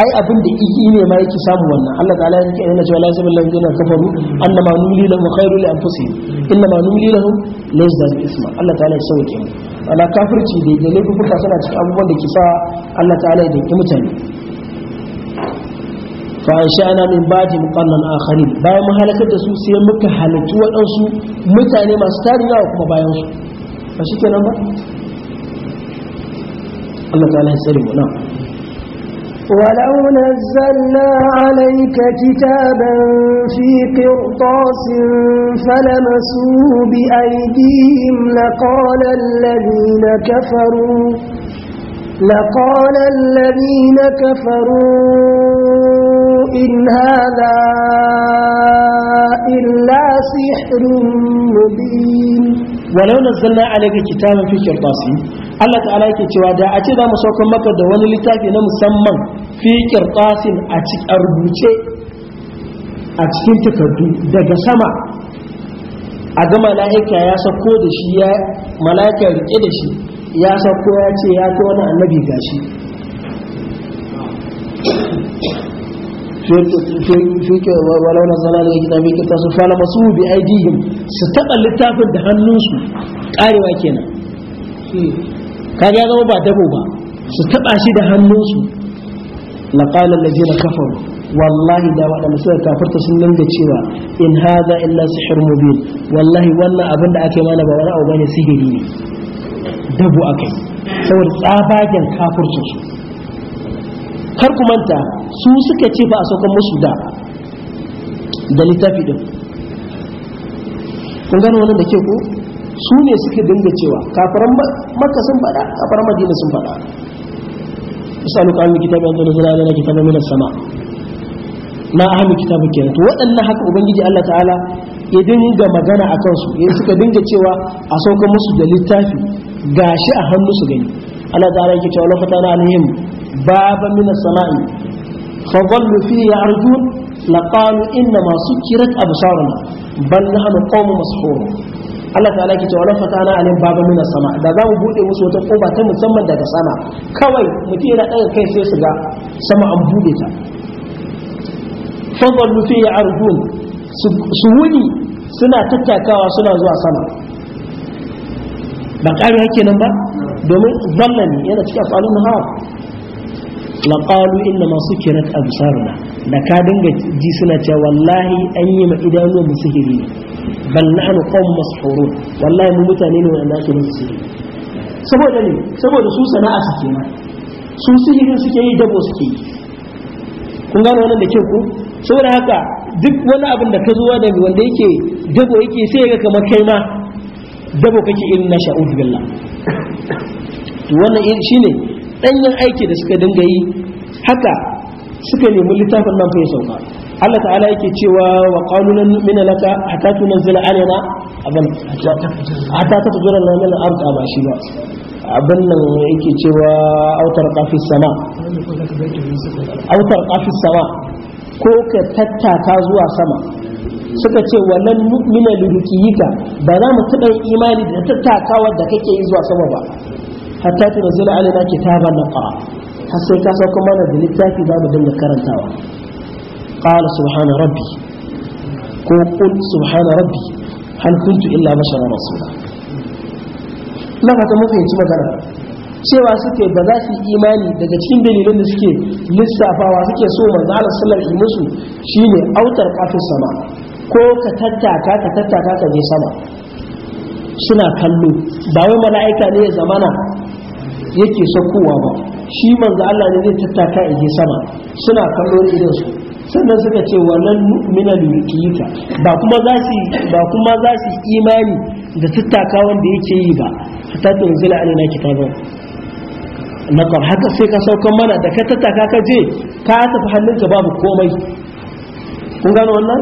ai abin da iki ne ma yake samu wannan Allah ta'ala ya ce inna jawala sabal lam dina kafaru anna ma numli lahum khairu li anfusihim inna ma lahu lahum lazzat isma Allah ta'ala ya sauke mu ala kafirci da da laifuka suna cikin abubuwan da ke sa Allah ta'ala ya dinki mutane فأنشأنا من بعد مقرنا آخرين باية محالكة تسو سيامك حالتوا أنسو متعني ما استارنا وكما بايانسو فشيك نعم الله تعالى يسلم ونعم
ولو نزلنا عليك كتابا في قرطاس فلمسوه بأيديهم لقال الذين كفروا لقال الذين كفروا إن هذا إلا سحر مبين
ولو نزلنا عليك كتابا في كرطاس Allah ta'ala ke cewa da a ce za mu saukar maka da wani littafi na musamman fi kirtasin a rubuce a cikin takardu daga sama a ga mala'ika ya sauko da shi ya mala'ika rike da shi ya sauko ya ce ya ce wani annabi gashi walaunar walauna da daga mai kita sun fala masu bi aidihim su taɓa littafin da hannunsu karewa kenan kaga ya zama ba dabo ba su taɓa shi da hannunsu laƙalar laje na kafaru wallahi da waɗanda suka kafarta sun dinga cewa in haza illa sihir mubin wallahi wannan abin da ake mana ba wani abu bane sihiri ne dabo akai saboda tsabagen kafircin su kar ku manta su suka ce ba a saukan musu da da littafi din kun gano wannan da ke ko su ne suka dinga cewa kafaran makka sun faɗa kafaran madina sun faɗa misalu ka ahlul kitabi anzalna da kitaban min sama na ahlul kitabi kenan to waɗannan haka ubangiji Allah ta'ala ya dinga magana a kansu ya suka dinga cewa a saukan musu da littafi gashi a hannu su gani Allah ta'ala yake cewa lafata na alayhim baba min as-sama'i فظلوا فيه يعرجون لقالوا إنما سكرت أبصارنا بل نحن قوم مسحورون Allah ta'ala ke cewa lafata na alim baba mina sama da za mu bude musu wata koba ta musamman daga sama kawai mutum yana ɗaga kai sai su ga sama an bude ta fadon rufe ya argun su wuni suna tattakawa suna zuwa sama ba ƙari hake nan ba domin zallani yana cikin afalun hawa laƙalu inna masu kirat absaruna da ka dinga ji suna cewa wallahi an yi ma idanuwa mu sihiri ne bal na'anu qawm mas'hurun wallahi mu mutane ne wanda ake musu sihiri saboda ne saboda su sana'a su ma su sihirin suke yi dabo suke yi kun gano wannan da kyau ko saboda haka duk wani abin da ka zuwa da wanda yake dabo yake sai ga kamar kai ma dabo kake irin na sha'ud billah wannan shine danyen aiki da suka dinga yi haka suka nemi littafin nan fa sauka Allah ta'ala yake cewa wa qalu lan nu'mina laka hatta tunzila alaina abin hatta tafjura lana min al-ard ba shi ba abin nan yake cewa autar qafis sama autar qafis sama ko ka tattaka zuwa sama suka ce wannan nu'mina lirukiyika ba za mu taɓa imani da tattakawar da kake yi zuwa sama ba hatta ke ta kitaban naqra har sai ka sauka mana da littafi za mu dinga karantawa Ƙara subhana rabbi ko qul subhana rabbi hal kuntu illa basharan rasula na fata mu fahimci magana cewa suke ba za su imani daga cikin dalilin da suke lissafawa suke so manzo Allah sallallahu alaihi musu shine autar kafin sama ko ka tattaka ka tattaka ka je sama suna kallo ba wai mala'ika ne ya zamana yake sakowa ba shi manzo Allah ne zai tattaka ya je sama suna kallon idan su sannan suka ce wannan nu'mina lilkiyika ba kuma za su ba kuma za su imani da tattaka wanda yake yi ba tattun zila alaina kitabun na kan haka sai ka saukan mana da ka tattaka ka je ka tafi hannunka babu komai kun gano wannan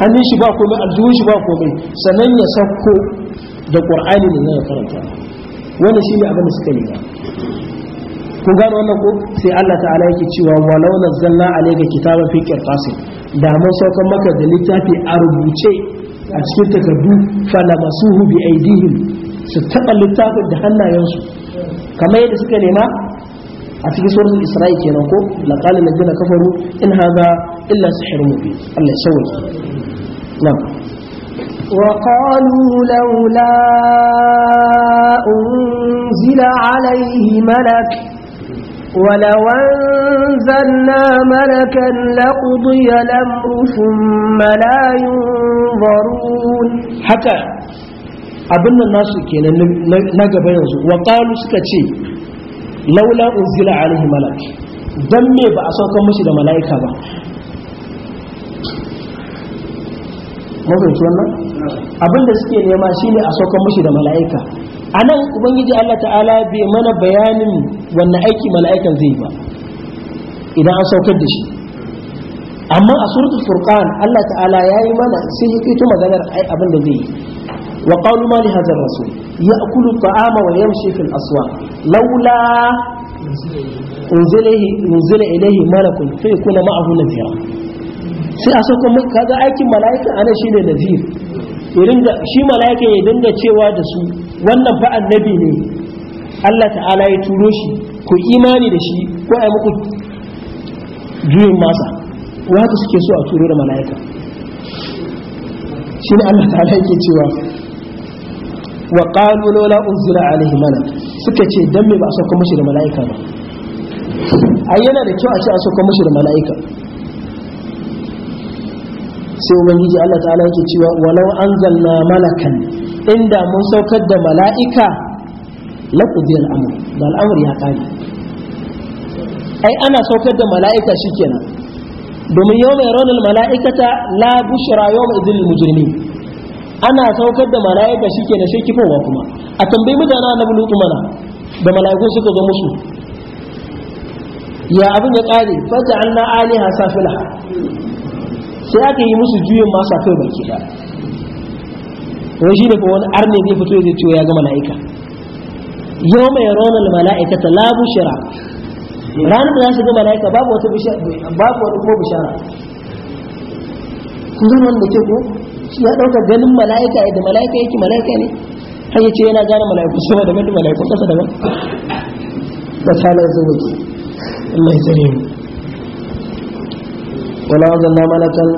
hannun shi ba komai aljihun shi ba komai sannan ya sauko da qur'ani da zai karanta shi shine abin da suka nema ku gano wannan ko sai Allah ta'ala yake cewa walau nazzalna alayka kitaba fi qirtasin da mun saukar maka da littafi a rubuce a cikin takardu falamasuhu bi aidihim su taɓa littafin da hannayensu kamar yadda suka nema a cikin suratul isra'i kenan ko laqala alladhina kafaru in hadha illa sihrun mubin Allah ya sauke na'am
وقالوا لولا أنزل عليه ملك ولو أنزلنا ملكا لقضي الأمر ثم لا ينظرون
حكى abin nasu kenan na gaba yanzu wa suka ce laula unzila alaihi malak dan me ba a sauka mashi da malaika ba mun wannan abin da suke nema shine a saukan mashi da mala'ika a nan ubangiji Allah ta'ala bai mana bayanin wanne aiki mala'ikan zai ba idan an saukar da shi amma a surutu furqan Allah ta'ala ya yi mana sai ya kaito maganar abin da zai yi wa qawlu ma li hadha rasul ya'kulu ta'ama wa yamshi fil aswaq laula unzila ilayhi malakun fa yakuna ma'ahu nadhira sai a sauko maka kaga aikin mala'ika ana ne nazir shi mala'ika ya dinga cewa da su wannan fa annabi ne Allah ta'ala ya turo shi ku imani da shi ko ai muku juyin masa wata suke so a turo da mala'ika shi ne Allah ta'ala yake cewa wa qalu lawla unzila alayhi malak suka ce dan me ba a sauko mashi da mala'ika ba ai yana da kyau a ce a sauko mashi da mala'ika sai ubangiji Allah ta'ala yake cewa walau zanna malakan inda mun saukar da mala'ika la biyar amr da al'amur ya ƙari ai ana saukar da mala'ika shikenan domin yawma ranar mala'ikata la bushra yawma idhil mujrimin ana saukar da mala'ika shikenan sai kifowa kuma a tambayi mutane annabi lutu mana da mala'iku suka zo musu ya abin ya kare fata anna aliha safila sai aka yi musu juyin masu akwai baki da wai shi daga wani arne zai fito ya ciwo ya ga mala'ika yau mai ronar ta labu shara, ranar da za su ga mala'ika babu wata babu wani ko bishara kun zama wanda ke ko shi ya ɗauka ganin mala'ika yadda mala'ika yake mala'ika ne har ya ce yana gane mala'iku sama daban da mala'ika ƙasa daban ba ta lai zuwa wake Allah ya tsare mu wala zanna malakan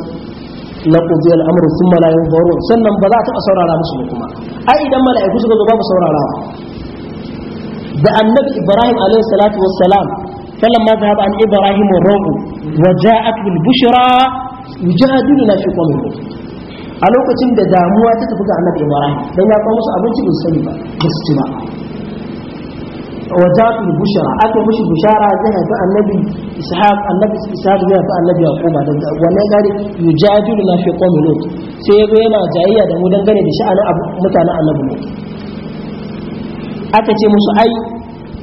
na kuzi al'amuru sun malayin faru sannan ba za a taɓa saurara musu ba kuma ai idan mala'iku suka zo babu saurarawa da annabi ibrahim alaihi salatu wassalam fallan ma zahaba an ibrahim rabu wa ja'at bil bushra yujadiluna fi qawmin a lokacin da damuwa ta tafi ga annabi ibrahim dan ya kawo musu abinci ba sani ba ba su ci ba wajatul bushara aka mushi bushara zai haifi annabi ishaq annabi ishaq zai haifi annabi yaquba da wannan gari yujadilu na fi qawmi lut sai yago yana jayayya da mu dangane da sha'anin mutanen annabi lut aka ce musu ai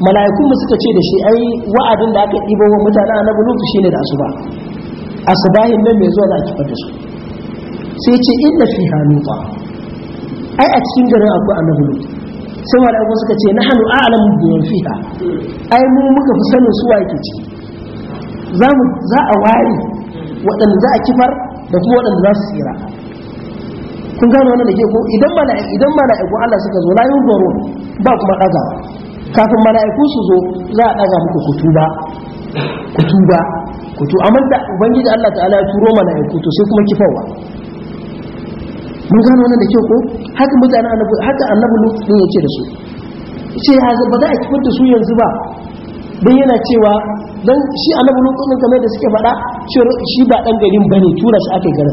mala'ikun mu suka ce da shi ai wa'adin da aka ɗibo wa mutanen annabi lut shine da asuba asubahin nan mai zuwa da a kifar su sai ce inna fi hanuta ai a cikin garin akwai annabi lut sai mala'iku suka ce na hannu a'alam biyan fiha ai mu muka fi sanin suwa ke ci, za a wari waɗanda za a kifar da kuma waɗanda za su tsira kun gano wannan da ke ko idan mala'iku idan mala'iku Allah suka zo layin goro ba kuma ɗaga, kafin mala'iku su zo za a ɗaga muku kutuba, kutuba, kutu tuba ku amma da ubangiji Allah ta'ala ya turo mala'iku to sai kuma kifarwa mun gano wannan da kyau ko haka mutane annabi haka annabi lutsin ya ce da su ce ba za a kifar da su yanzu ba don yana cewa don shi annabi lutsin kamar da suke faɗa shi ba ɗan garin ba ne tura su aka yi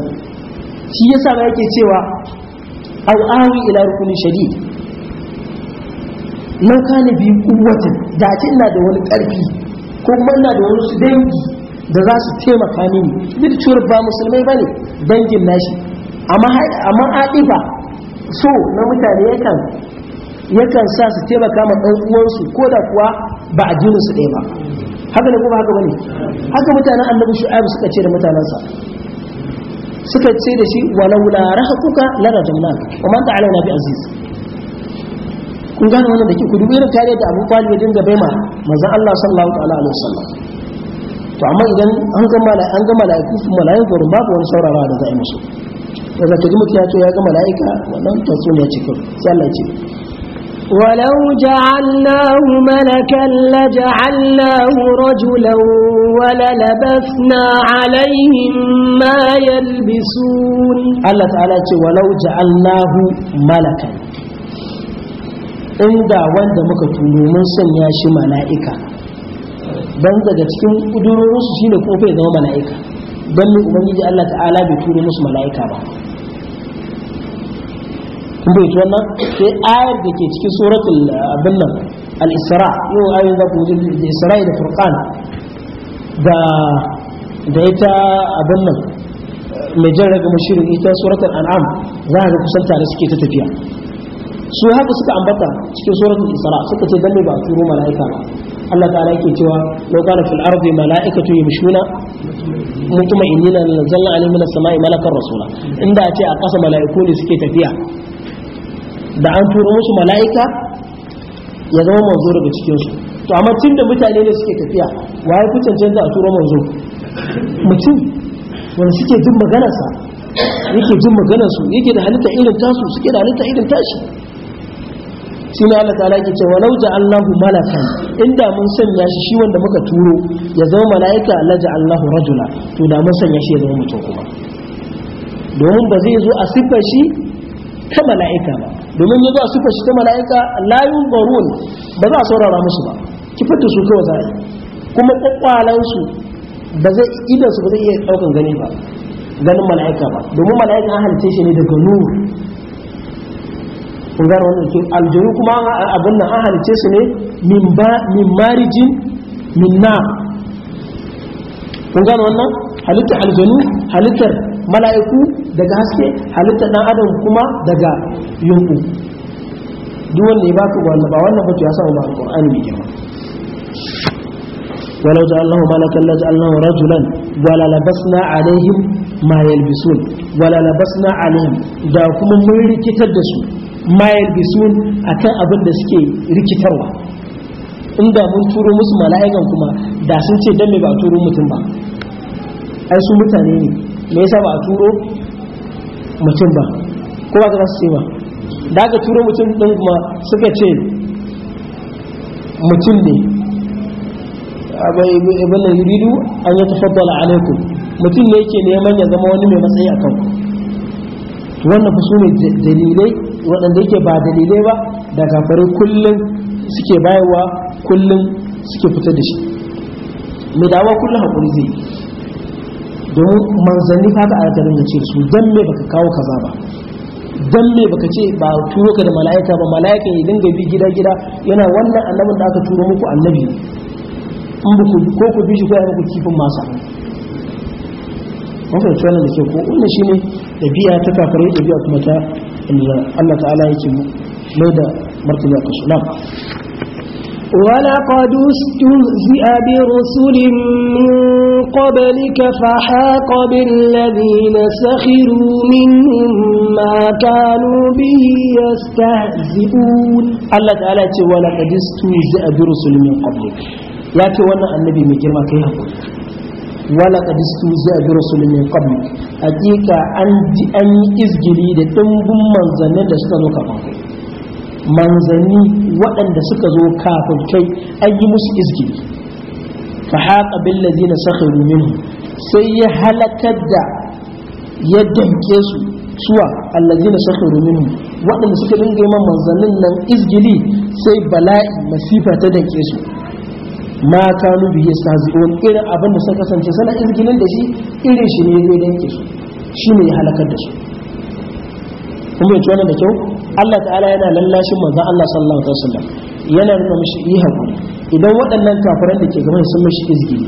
shi ya sa yake cewa au awi ila rukuni shadid nan kana bi kuwatin da ce ina da wani ƙarfi ko kuma ina da wani su dangi da za su taimaka mini duk cewar ba musulmai ba ne dangin nashi amma haɗifa so na mutane yakan sa su taimaka ma ɗan uwansu ko da kuwa ba a jinin su ɗaya ba haka ne kuma haka wani haka mutanen annabi shu'aibu suka ce da mutanensa suka ce da shi walaula rahatuka la rajamna wa man ta'ala nabi aziz kun gane wannan da ke kudu irin tare da Abu Talib ya dinga baima manzon Allah sallallahu ta'ala alaihi wasallam to amma idan an ga malaiku malaiku babu wani saurara da za'i musu daga kaji mutum ya ce ya ga mala'ika wannan tatsu ne ce kawai sai Allah ce
ولو جعلناه ملكا لجعلناه رجلا وللبسنا عليهم ما يلبسون
الله تعالى ولو جعلناه inda wanda muka tuno mun sanya shi mala'ika ban daga cikin ƙudurorinsu shine ko bai zama mala'ika don ubangiji Allah ta'ala bai turo musu mala'ika ba kun bai wannan sai ayar da ke cikin suratul abin nan al-isra yau ayar da ku da isra da furqan da da ita abin nan mai jan raga mashirin ita suratul an'am za ka ga kusan tare suke ta tafiya su haka suka ambata cikin suratul isra suka ce dan ba turo mala'ika ba Allah ta'ala yake cewa law kana fil ardi mala'ikatu yamshuna mutma'innina lanzalna alaihim min as-sama'i malakan rasula inda a ce a kasa mala'iku ne suke tafiya da an turo musu mala'ika ya zama manzo daga cikinsu to amma tun da mutane ne suke tafiya waye ku cancanta a turo manzo mutum wanda suke jin maganarsa yake jin maganarsu yake da halitta irin tasu suke da halitta irin tashi shi ne Allah ta'ala ke cewa lauja Allahu malakan inda mun sanya shi shi wanda muka turo ya zama mala'ika Allah Allahu rajula to da mun sanya shi ya zama mutum kuma domin ba zai zo a siffar shi ta mala'ika ba domin ya zuwa su fashi ta mala'ika layun barun ba za a saurara musu ba ki da su kawai zai a kuma kwakwalansu ba zai idansu ba zai iya daukan gani ba ganin mala'ika ba domin mala'ika an halice shi ne daga nuru kun gano wannan ke aljanu kuma abin nan an halice su ne min marijin min na kun gano wannan halittar aljanu halittar mala'iku daga haske halitta dan adam kuma daga yunku duk wanda ya baka wannan ba wannan bace ya samu ba alqur'ani mai girma ta ja'alnahu malakan la Allah rajulan wala labasna alaihim ma yalbisun wala labasna alaihim da kuma mun rikitar da su ma yalbisun akan abin da suke rikitarwa inda mun turo musu mala'ikan kuma da sun ce dan me ba turo mutum ba ai su mutane ne me yasa ba a turo mutum ba ko ba za su ce ba da aka turo mutum din kuma suka ce mutum ne abin da yuridu an ya tafaddala alaikum mutum ne yake neman ya zama wani mai matsayi a kanku wannan fa sune dalilai waɗanda yake ba dalilai ba da gafare kullum suke bayarwa kullum suke fitar da shi mai dawa kullum haƙuri zai yi domin manzanni kaga a garin ya ce su don me baka kawo kaza ba don me baka ce ba turo ka da mala'ika ba mala'ika ya dinga bi gida gida yana wannan annabin da aka turo muku annabi in ba ku ko ku bi shi ko ya muku kifin masa wannan ce da ke ko wannan shine dabi'a ta kafirai dabi'a kuma ta Allah ta'ala yake mai da martani a kashi
ولقد استهزئ برسل من قبلك فحاق بالذين سخروا منهم ما كانوا به يستهزئون الله تعالى
ولقد استهزئ برسل من قبلك يا وانا النبي من جرما كي ولقد استهزئ برسل من قبلك أتيك أن أن إزجلي لتنبم من زنن لشتنك قبلك manzanni waɗanda suka zo kafin kai an yi musu izgi fa haqa bil ladina sakhiru minhu sai ya halakar da ya danke su suwa allazina sakhiru minhu waɗanda suka dinga yi manzannin nan izgili sai bala'i masifa ta danke su ma kanu bihi sazi'un irin abin da suka kasance sana izgilin da shi irin shi ne ya danke su shine ya halakar da su kuma ya wannan da kyau Allah ta'ala yana lallashin manzon Allah sallallahu alaihi wasallam yana nuna mishi yi hakuri idan waɗannan kafiran da ke gaban sun mishi izgili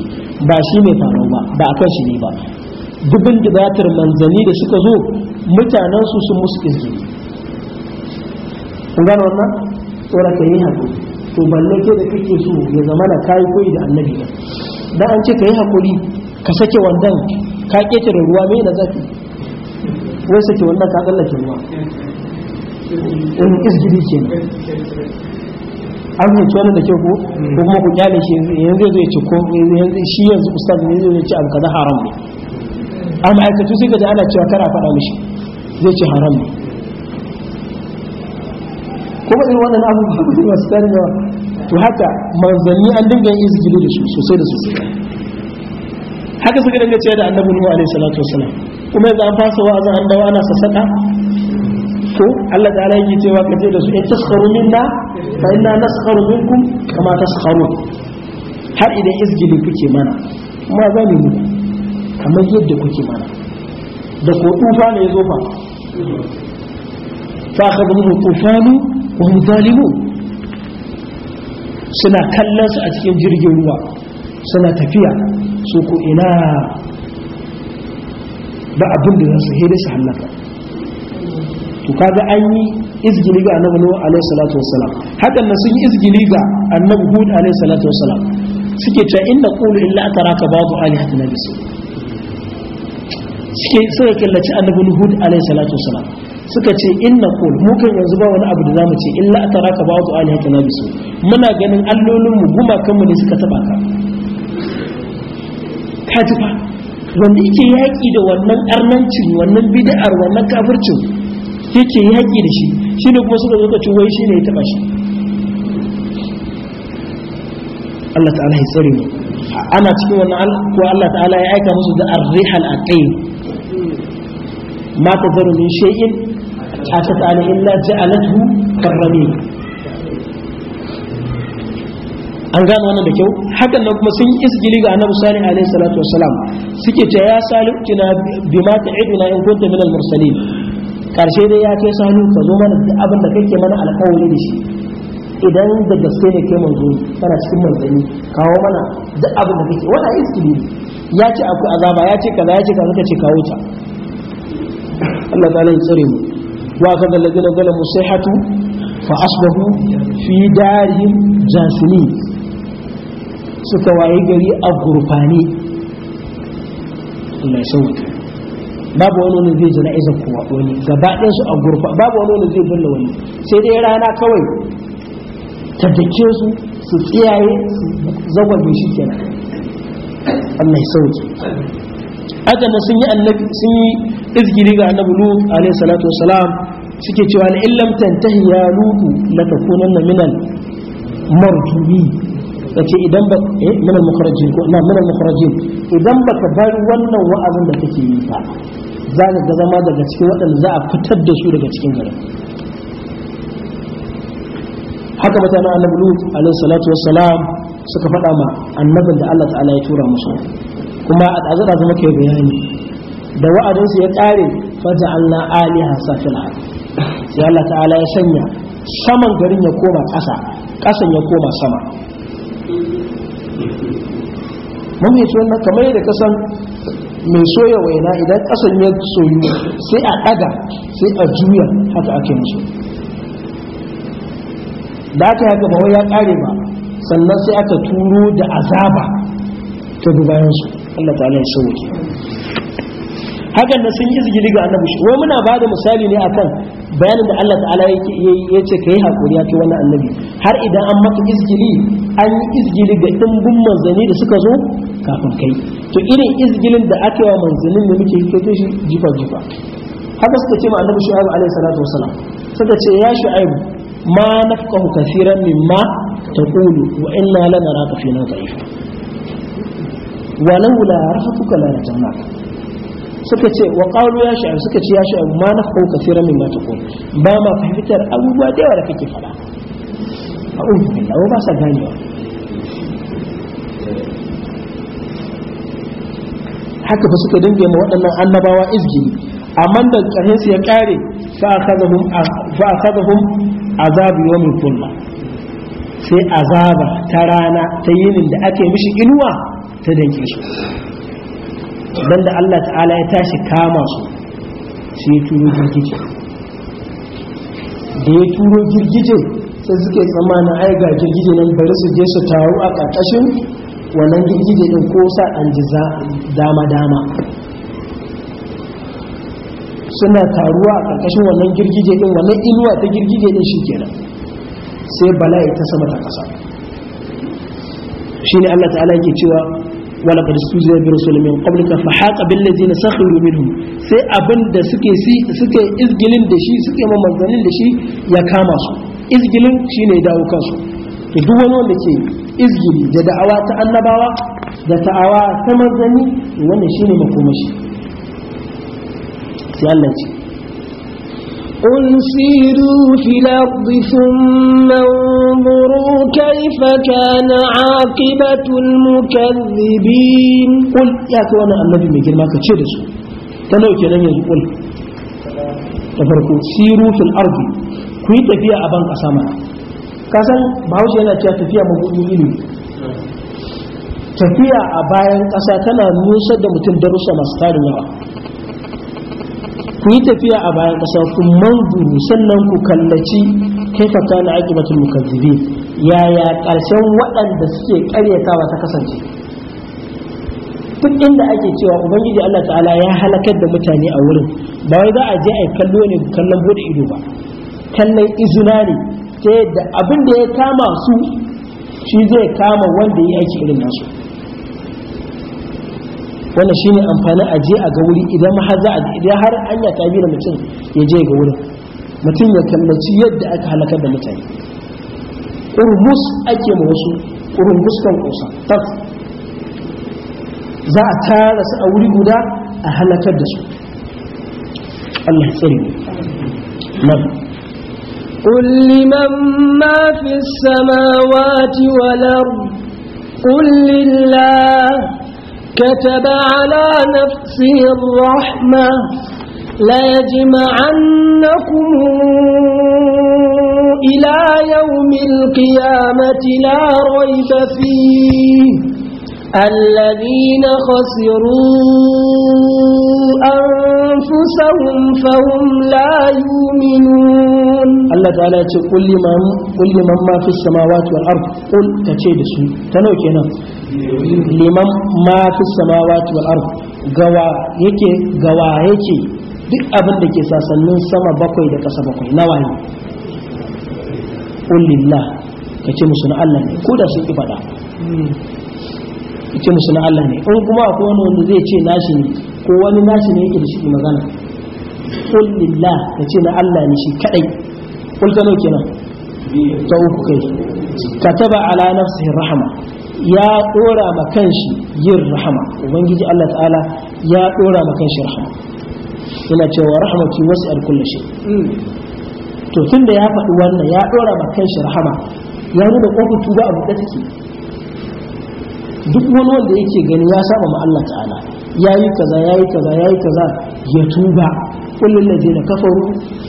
ba shi mai faru ba ba akan shi ne ba dubin gidatar manzanni da suka zo mutanen su sun musu izgili kun gano wannan tsora ka yi hakuri to balle ke da kake so ya zama na kayi koyi da annabi ne dan an ce ka yi hakuri ka sake wandan ka ƙetare ruwa me na zafi wai sake wannan ka tsallake ruwa
wani izgiri ke
an fahimci wannan da ke ko ko kuma ku kyale shi yanzu zai ci ko yanzu shi yanzu ustaz ne zai ci abu kaza haram ne a ma'aikatu sai gaji ana cewa kana faɗa mishi zai ci haram ne kuma irin wannan abubuwa masu tarin yawa to haka manzanni an dinga yin izgili da su sosai da sosai haka suka dinga cewa da annabi nuhu alaihi salatu wasalam kuma yanzu an fasa wa'azin an dawo ana sassaka to Allah ta'ala yake cewa kace da su in eh, taskharu minna fa inna naskharu minkum kama taskharun har idan izgili kuke mana kuma za mu muku kamar yadda kuke mana da ko tufa ne yazo fa fa akhadhu tufanu wa hum zalimun suna kallon su a cikin jirgin ruwa suna tafiya su ko ina ba abin da za su hede su hallaka to kaga an yi izgili ga annabi nuhu alaihi salatu wassalam hakan nan sun yi izgili ga annabi hud alaihi salatu wassalam suke cewa inna qulu illa ataraka ba'du alihatina bisu suke suka killaci annabi hud alaihi salatu wassalam suka ce inna qul mu kan yanzu ba wani abu da zamu ce illa ataraka ba'du alihatina bisu muna ganin allolin mu gumakan mu ne suka taba ka ka ji fa wanda yake yaƙi da wannan arnancin wannan bid'ar wannan kafircin yake yi haƙi da shi shi ne kuma suka zo kacin wai shi ne ya taɓa shi Allah ta'ala ya tsare mu ana cikin wannan ko Allah ta'ala ya aika musu da arrihal aqim ma tadaru min shay'in ta ta'ala illa ja'alathu karrami an gano wannan da kyau hakan nan kuma sun isgili ga annabi salih alaihi salatu wassalam suke ta ya salu kina bima ta'iduna in kunta min al-mursalin karshe dai ya kai sanu ka zo mana da abin da kake mana alkawari da shi idan da gaske ne kai manzo kana cikin manzanni kawo mana duk abin da kake wannan iskili ya ce akwai azaba ya ce kaza ya ce kaza kace kawo ta Allah ta'ala ya tsare mu wa kaza ladina zalamu sayhatu fa asbahu fi darihim jasimi suka waye gari a gurfani Allah ya sauka babu wani wani zai zina izin kuma wani gaba ɗaya a gurfa babu wani wani zai bulla wani sai dai rana kawai ta dake su su tsiyaye su zagwabe shi kenan Allah ya sauke haka sun yi annabi sun yi izgiri ga annabi lu alayhi salatu wassalam suke cewa la illam tantahi ya lutu la takunanna minal marjumin ce idan ba eh min al mukhrajin ko na min al mukhrajin idan ka bar wannan wa'azin da kake yi ba za ka ga zama daga cikin waɗanda za a fitar da su daga cikin garin haka na annabi lut alaihi salatu wassalam suka faɗa ma annabin da Allah ta'ala ya tura musu kuma a tsazara zama kai bayani da wa'adinsu ya ƙare faja Allah aliha safil sai Allah ta'ala ya sanya saman garin ya koma ƙasa ƙasan ya koma sama mafi yi tsohon kamar yadda kasan mai soya waina idan kasan ya soyu sai a ɗaga sai a juya haka ake musu da aka haka ba wai ya ƙare ba sannan sai aka turo da azaba ta dubayensu. Allah ta ya sauke hakan da sun yi zigili ga shi, wai muna ba da misali ne akan bayanin da Allah ta'ala ya ce ka yi haƙuri ya ce wani annabi har idan an maka izgili an yi izgili ga ɗimbin manzanni da suka zo kafin kai to irin izgilin da aka yi wa manzannin da muke hikato shi jifa jifa haka suka ce ma annabi shu'aibu alaihi salatu wasalam suka ce ya shu'aibu ma nafqahu kathiran mimma taqulu wa inna lanaraka fina da'ifa ولولا رحمتك لنجمعك suka ce wa qalu ya sha'ar suka ce ya sha'ar ma na nahu kaseeran mata ko ba ma fahimtar abubuwa da yawa da kake faɗa a'udhu billahi ba sa ganewa haka fa suka dinga ma waɗannan annabawa izgili amma da ƙarfin su ya ƙare fa akhadhum azabu mai kullu sai azaba ta rana ta yinin da ake mishi inuwa ta danke shi banda da Allah ta'ala ya tashi kama su sai ya turo girgije da ya turo girgije sai suke tsammanin ai ga girgije nan bari su je su taru a ƙarƙashin wannan girgije din ko sa an ji dama dama suna taruwa a ƙarƙashin wannan girgije din wannan inuwa ta girgije din shikenan sai bala'i ta sama ta ƙasa ne Allah ta'ala yake cewa ولقد استهزئ برسول من قبلك فحاق بالذين سخروا منهم sai abin da suke si suke izgilin da shi suke mamanzanin da shi ya kama su izgilin shine ya dawo kansu to duk wani wanda ke izgili da da'awa ta annabawa da ta'awa ta manzanni wannan shine makomashi sai Allah ce
قل سيروا في الأرض ثم انظروا كيف كان عاقبة المكذبين
قل يا كوانا النبي ميجر ما كتشيرس تنوي كنان يقول تفرقوا سيروا في الأرض كوي تفيا أبان أسامة كاسان باوش أنا كيا تفيا مبؤمن إلي تفيا أبان أسا تنا نوسى دمتن درس مستار الله ku yi tafiya a bayan ƙasa ku manzuru sannan ku kallaci kaifa kana aqibatul mukazzibin yaya ƙarshen waɗanda suke ƙaryatawa ta kasance duk inda ake cewa ubangiji Allah ta'ala ya halakar da mutane a wurin ba wai za a je a kallo ne kallon bude ido ba kallon izina ne ta yadda abin da ya kama su shi zai kama wanda ya aiki irin nasu wannan shine amfanin aje a ga wuri idan ma har za a idan har anya ta bi da mutum ya je ga wurin mutum ya kallaci yadda aka halakar da mutane urmus ake ma wasu urmus kan kusa tas za a tara su a wuri guda a halakar da su Allah ya tsare mu
قل لمن ما في السماوات والأرض قل لله كتب على نفسه الرحمة ليجمعنكم إلى يوم القيامة لا ريب فيه الذين خسروا أنفسهم فهم لا يؤمنون
الله تعالى قل لمن قل لمن ما في السماوات والأرض قل كتشي دسو تنو كينا liman ما في السماوات والأرض ard gawa yake gawa duk abin da ke sasannin sama bakwai da ƙasa bakwai nawa ne ƙullillah ka ce musu na Allah ne ko da sun ki faɗa ka ce musu na Allah ne in kuma akwai wani wanda zai ce nashi ne ko wani nashi ne yake da shi magana qul lillah ce na Allah ne shi kadai qul ta nauke nan ta uku kai Ka taba ala nafsihi rahama ya dora ma kanshi yin rahama ubangiji Allah ta'ala ya dora ma kanshi rahama yana cewa rahmatu wasi'at kulli shay to tunda ya faɗi wannan ya dora ma kanshi rahama ya nuna kofin tuba abu buɗe take duk wani wanda yake gani ya saba ma Allah ta'ala yayi kaza yayi kaza yayi kaza ya tuba kullun ladina kafaru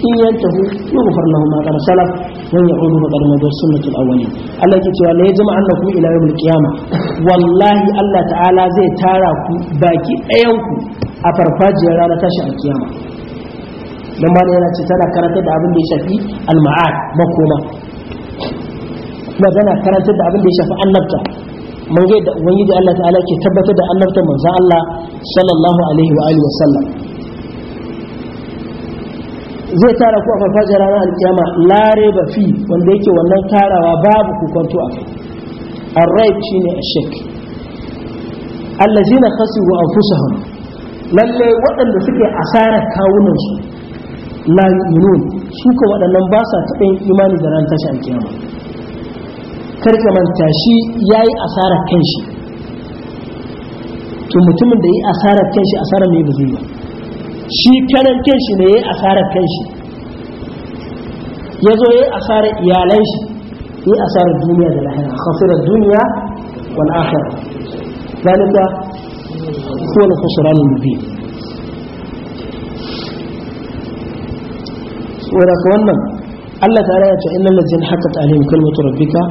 in yantahu yughfar lahum ma qad salaf wa ya'udu bi qadama bi sunnatil awwalin Allah ke cewa la yajma annakum ila yawmil qiyamah wallahi Allah ta'ala zai tara ku baki ɗayan ku a farfajiyar ranar tashi a kiyama dan ma yana ce tana karanta da abin da ya shafi al-ma'ad makoma ba tana karanta da abin da ya shafi annabta mun ga yadda ubangiji Allah ta'ala ke tabbatar da annabta manzon Allah sallallahu alaihi wa alihi wasallam zai tara ku a farfajiyar ranar alkiyama lare ba fi wanda yake wannan tarawa babu kokonto a kai arraib shine ashek allazina khasiru anfusahum lalle waɗanda suke asarar kawunan su la yu'minun su ka waɗannan ba sa taɓa yin imani da ran tashin alkiyama karka manta shi ya yi asarar shi to mutumin da ya yi asarar shi asarar ne ba zai shi kanan shi ne ya yi asarar shi ya zo ya yi asarar iyalan shi ya yi asarar duniya da lahira khasirar duniya wal akhirah zalika huwa al-khusran al-mubin saboda wannan Allah ta ya ce innal ladzina haqqat alaihim kalimatu rabbika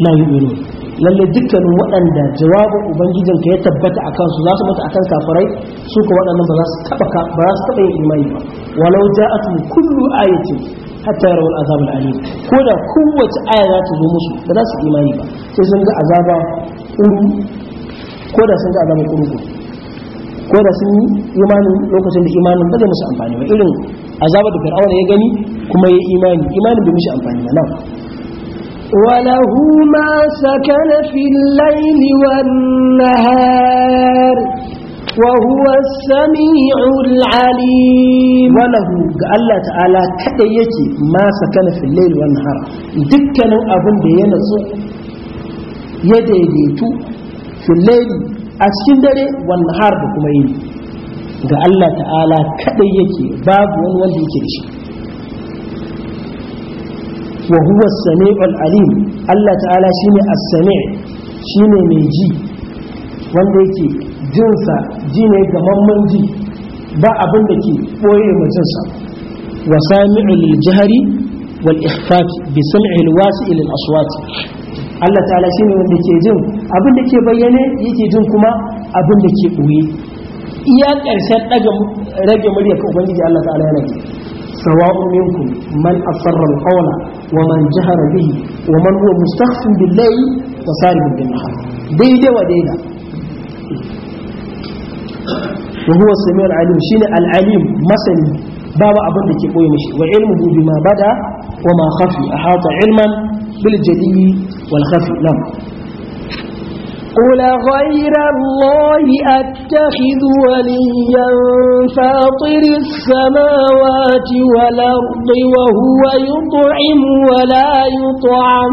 la yu'minun lalle dukkanin waɗanda jawabin ubangijinka ya tabbata a kansu za su mutu kan kafirai su ka waɗannan ba za su taɓa ba za su taɓa yin imani ba walau tun kullu ayatin hatta yarawu al'azab Ali, ko da kowace aya za ta zo musu ba za su imani ba sai sun ga azaba kuru ko da sun ga azaba kuru ko da sun yi imanin lokacin da imanin ba zai musu amfani ba irin azaba da fir'auna ya gani kuma ya imani imanin bai mishi amfani ba na'am
وله ما سكن في الليل والنهار وهو السميع العليم وله الله
تعالى كديتي ما سكن في الليل والنهار دكنوا ابن da يدي natsu في الليل أسكندري والنهار بكمين قال الله تعالى kadai باب babu wani wa huwa sami'ul alim Allah ta'ala shine as-sami' shine mai ji wanda yake jin sa, ji ne gamamman ji ba abin da ke boye sa. wa sami'ul jahri wal ikhfat bi sam'il wasi'il al-aswat Allah ta'ala shine wanda ke jin abin da ke bayyane yake jin kuma abin da ke boye iya ƙarshen rage murya ka ubangiji Allah ta'ala yana ji sawa'un minkum man asarra al-qawla ومن جهر به ومن هو مستخف بالليل وسارب بالنهار ديدا وديدا وهو السميع العليم شين العليم مثلا بابا أبن دكي قوي مشي وعلمه بما بدا وما خفي أحاط علما بالجدي والخفي نعم
قل غير الله أتخذ وليا فاطر السماوات والأرض وهو يطعم ولا يطعم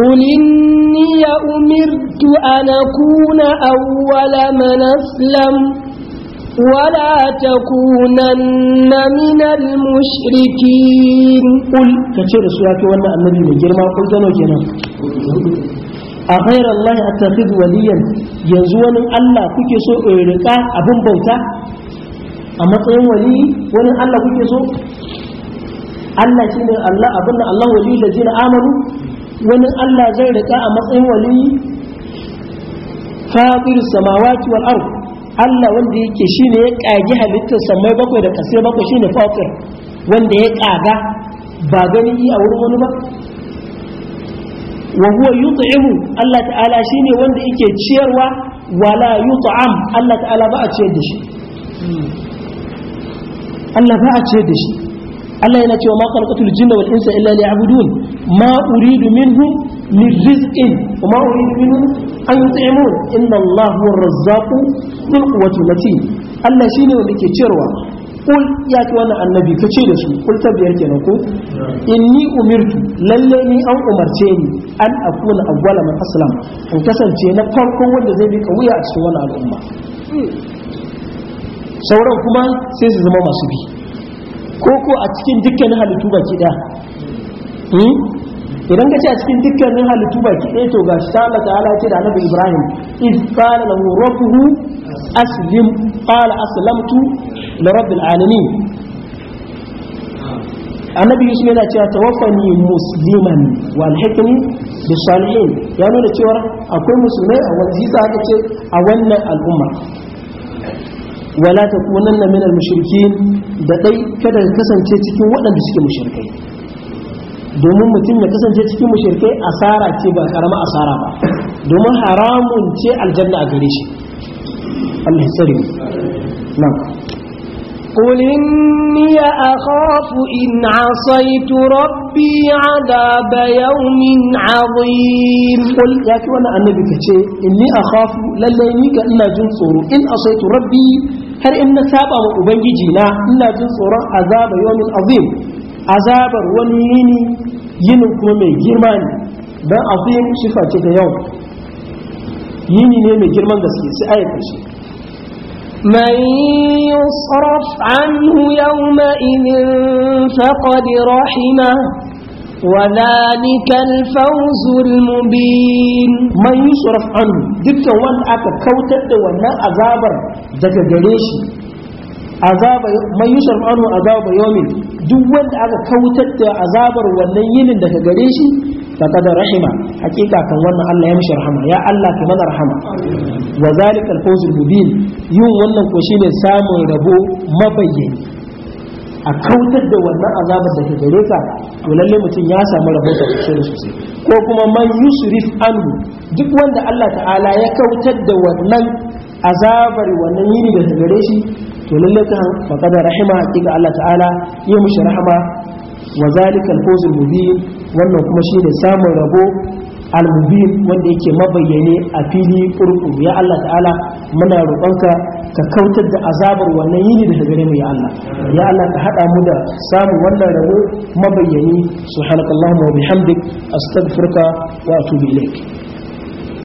قل إني أمرت أن أكون أول من أسلم ولا تكونن من المشركين قل
كثير سورة وانا النبي من جرما قل جنو جنو a ghairar lai a tafiz waliyan yanzu wani Allah kuke so in rika abin bauta a matsayin wali wani Allah kuke so Allah shi ne Allah abinda Allah wali da jina amaru wani Allah zai rika a matsayin wali fatir samawati wal ard Allah wanda yake shine ya kage halittar samai bakwai da kasai bakwai shine fatir wanda ya kaga ba gani a wurin wani ba wa huwa yut'imu Allah ta'ala shine wanda yake ciyarwa wala yut'am Allah ta'ala ba a ciyar da shi Allah ba a ciyar da shi Allah yana cewa ma khalaqatul jinna wal insa illa liya'budun ma uridu minhum min rizqin wa ma uridu minhum an yut'imun inna Allah huwa ar-razzaqu dhul quwwati matin Allah shine wanda yake ciyarwa kul ya ci wannan annabi ka ce da su kul tabbiyar kenan ko inni umirtu lalle ni an umarce ni an akuna awwala man aslam in kasance na farko wanda zai bi wuya a cikin wannan al'umma sauran kuma sai su zama masu bi ko ko a cikin dukkanin halittu baki daya hmm? idan ka ce a cikin dukkanin halittu baki ɗaya to ga shi ta Allah ta'ala ce da annabi Ibrahim iz qala lahu rabbuhu aslim qala aslamtu لرب alami annabi yusuf yana cewa tawaffani musliman walhikmi da salihin ya nuna cewa akwai musulmai a wani hisa aka ce a wannan al'umma wala ta kunan na minar da dai kada ka kasance cikin waɗanda suke mashirkai domin mutum ya kasance cikin mashirkai asara ce ba karama asara ba domin haramun ce aljanna a gare shi Allah ya tsare mu
قل إني أخاف إن عصيت ربي عذاب يوم عظيم قل يا كوانا النبي كتشي إني أخاف للينيك إلا جنصر
إن عصيت ربي هل إن سابع وأبنجينا إلا جنصر عذاب يوم عظيم عذاب ونيني ينكم من جرمان dan azim sifa ce ta yau yini ne mai girman gaske sai ayatul shi
من يصرف عنه يومئذ فقد رحمه وذلك الفوز المبين من يصرف عنه دكا وان اكا كوتت وانا
عذابر دكا جريشي عذاب من يصرف عنه عذاب يوم duk wanda aka kautar da azabar wannan yinin daga gare shi faqad rahima hakika kan wannan Allah ya mishi rahama ya Allah ka mana rahama wa zalika al-fawz mubin yin wannan ko shine samun rabo mabayyani a kautar da wannan azabar da ke gare ka to lalle mutum ya samu rabo da sosai da sosai ko kuma man yusrif anhu duk wanda Allah ta'ala ya kautar da wannan azabar wannan yini da ta gare shi to lalle ka faqad rahima hakika Allah ta'ala ya mishi rahama wa zalika al-fawz mubin wannan kuma shi ne samun rabo almubin wanda yake mabayyane a fili kurku ya Allah ta'ala muna roƙonka ka kautar da azabar wannan yini da gare mu ya Allah ya Allah ka hada mu da samun wannan rabo mabayyane subhanakallahumma wa bihamdik astaghfiruka
wa atubu ilaik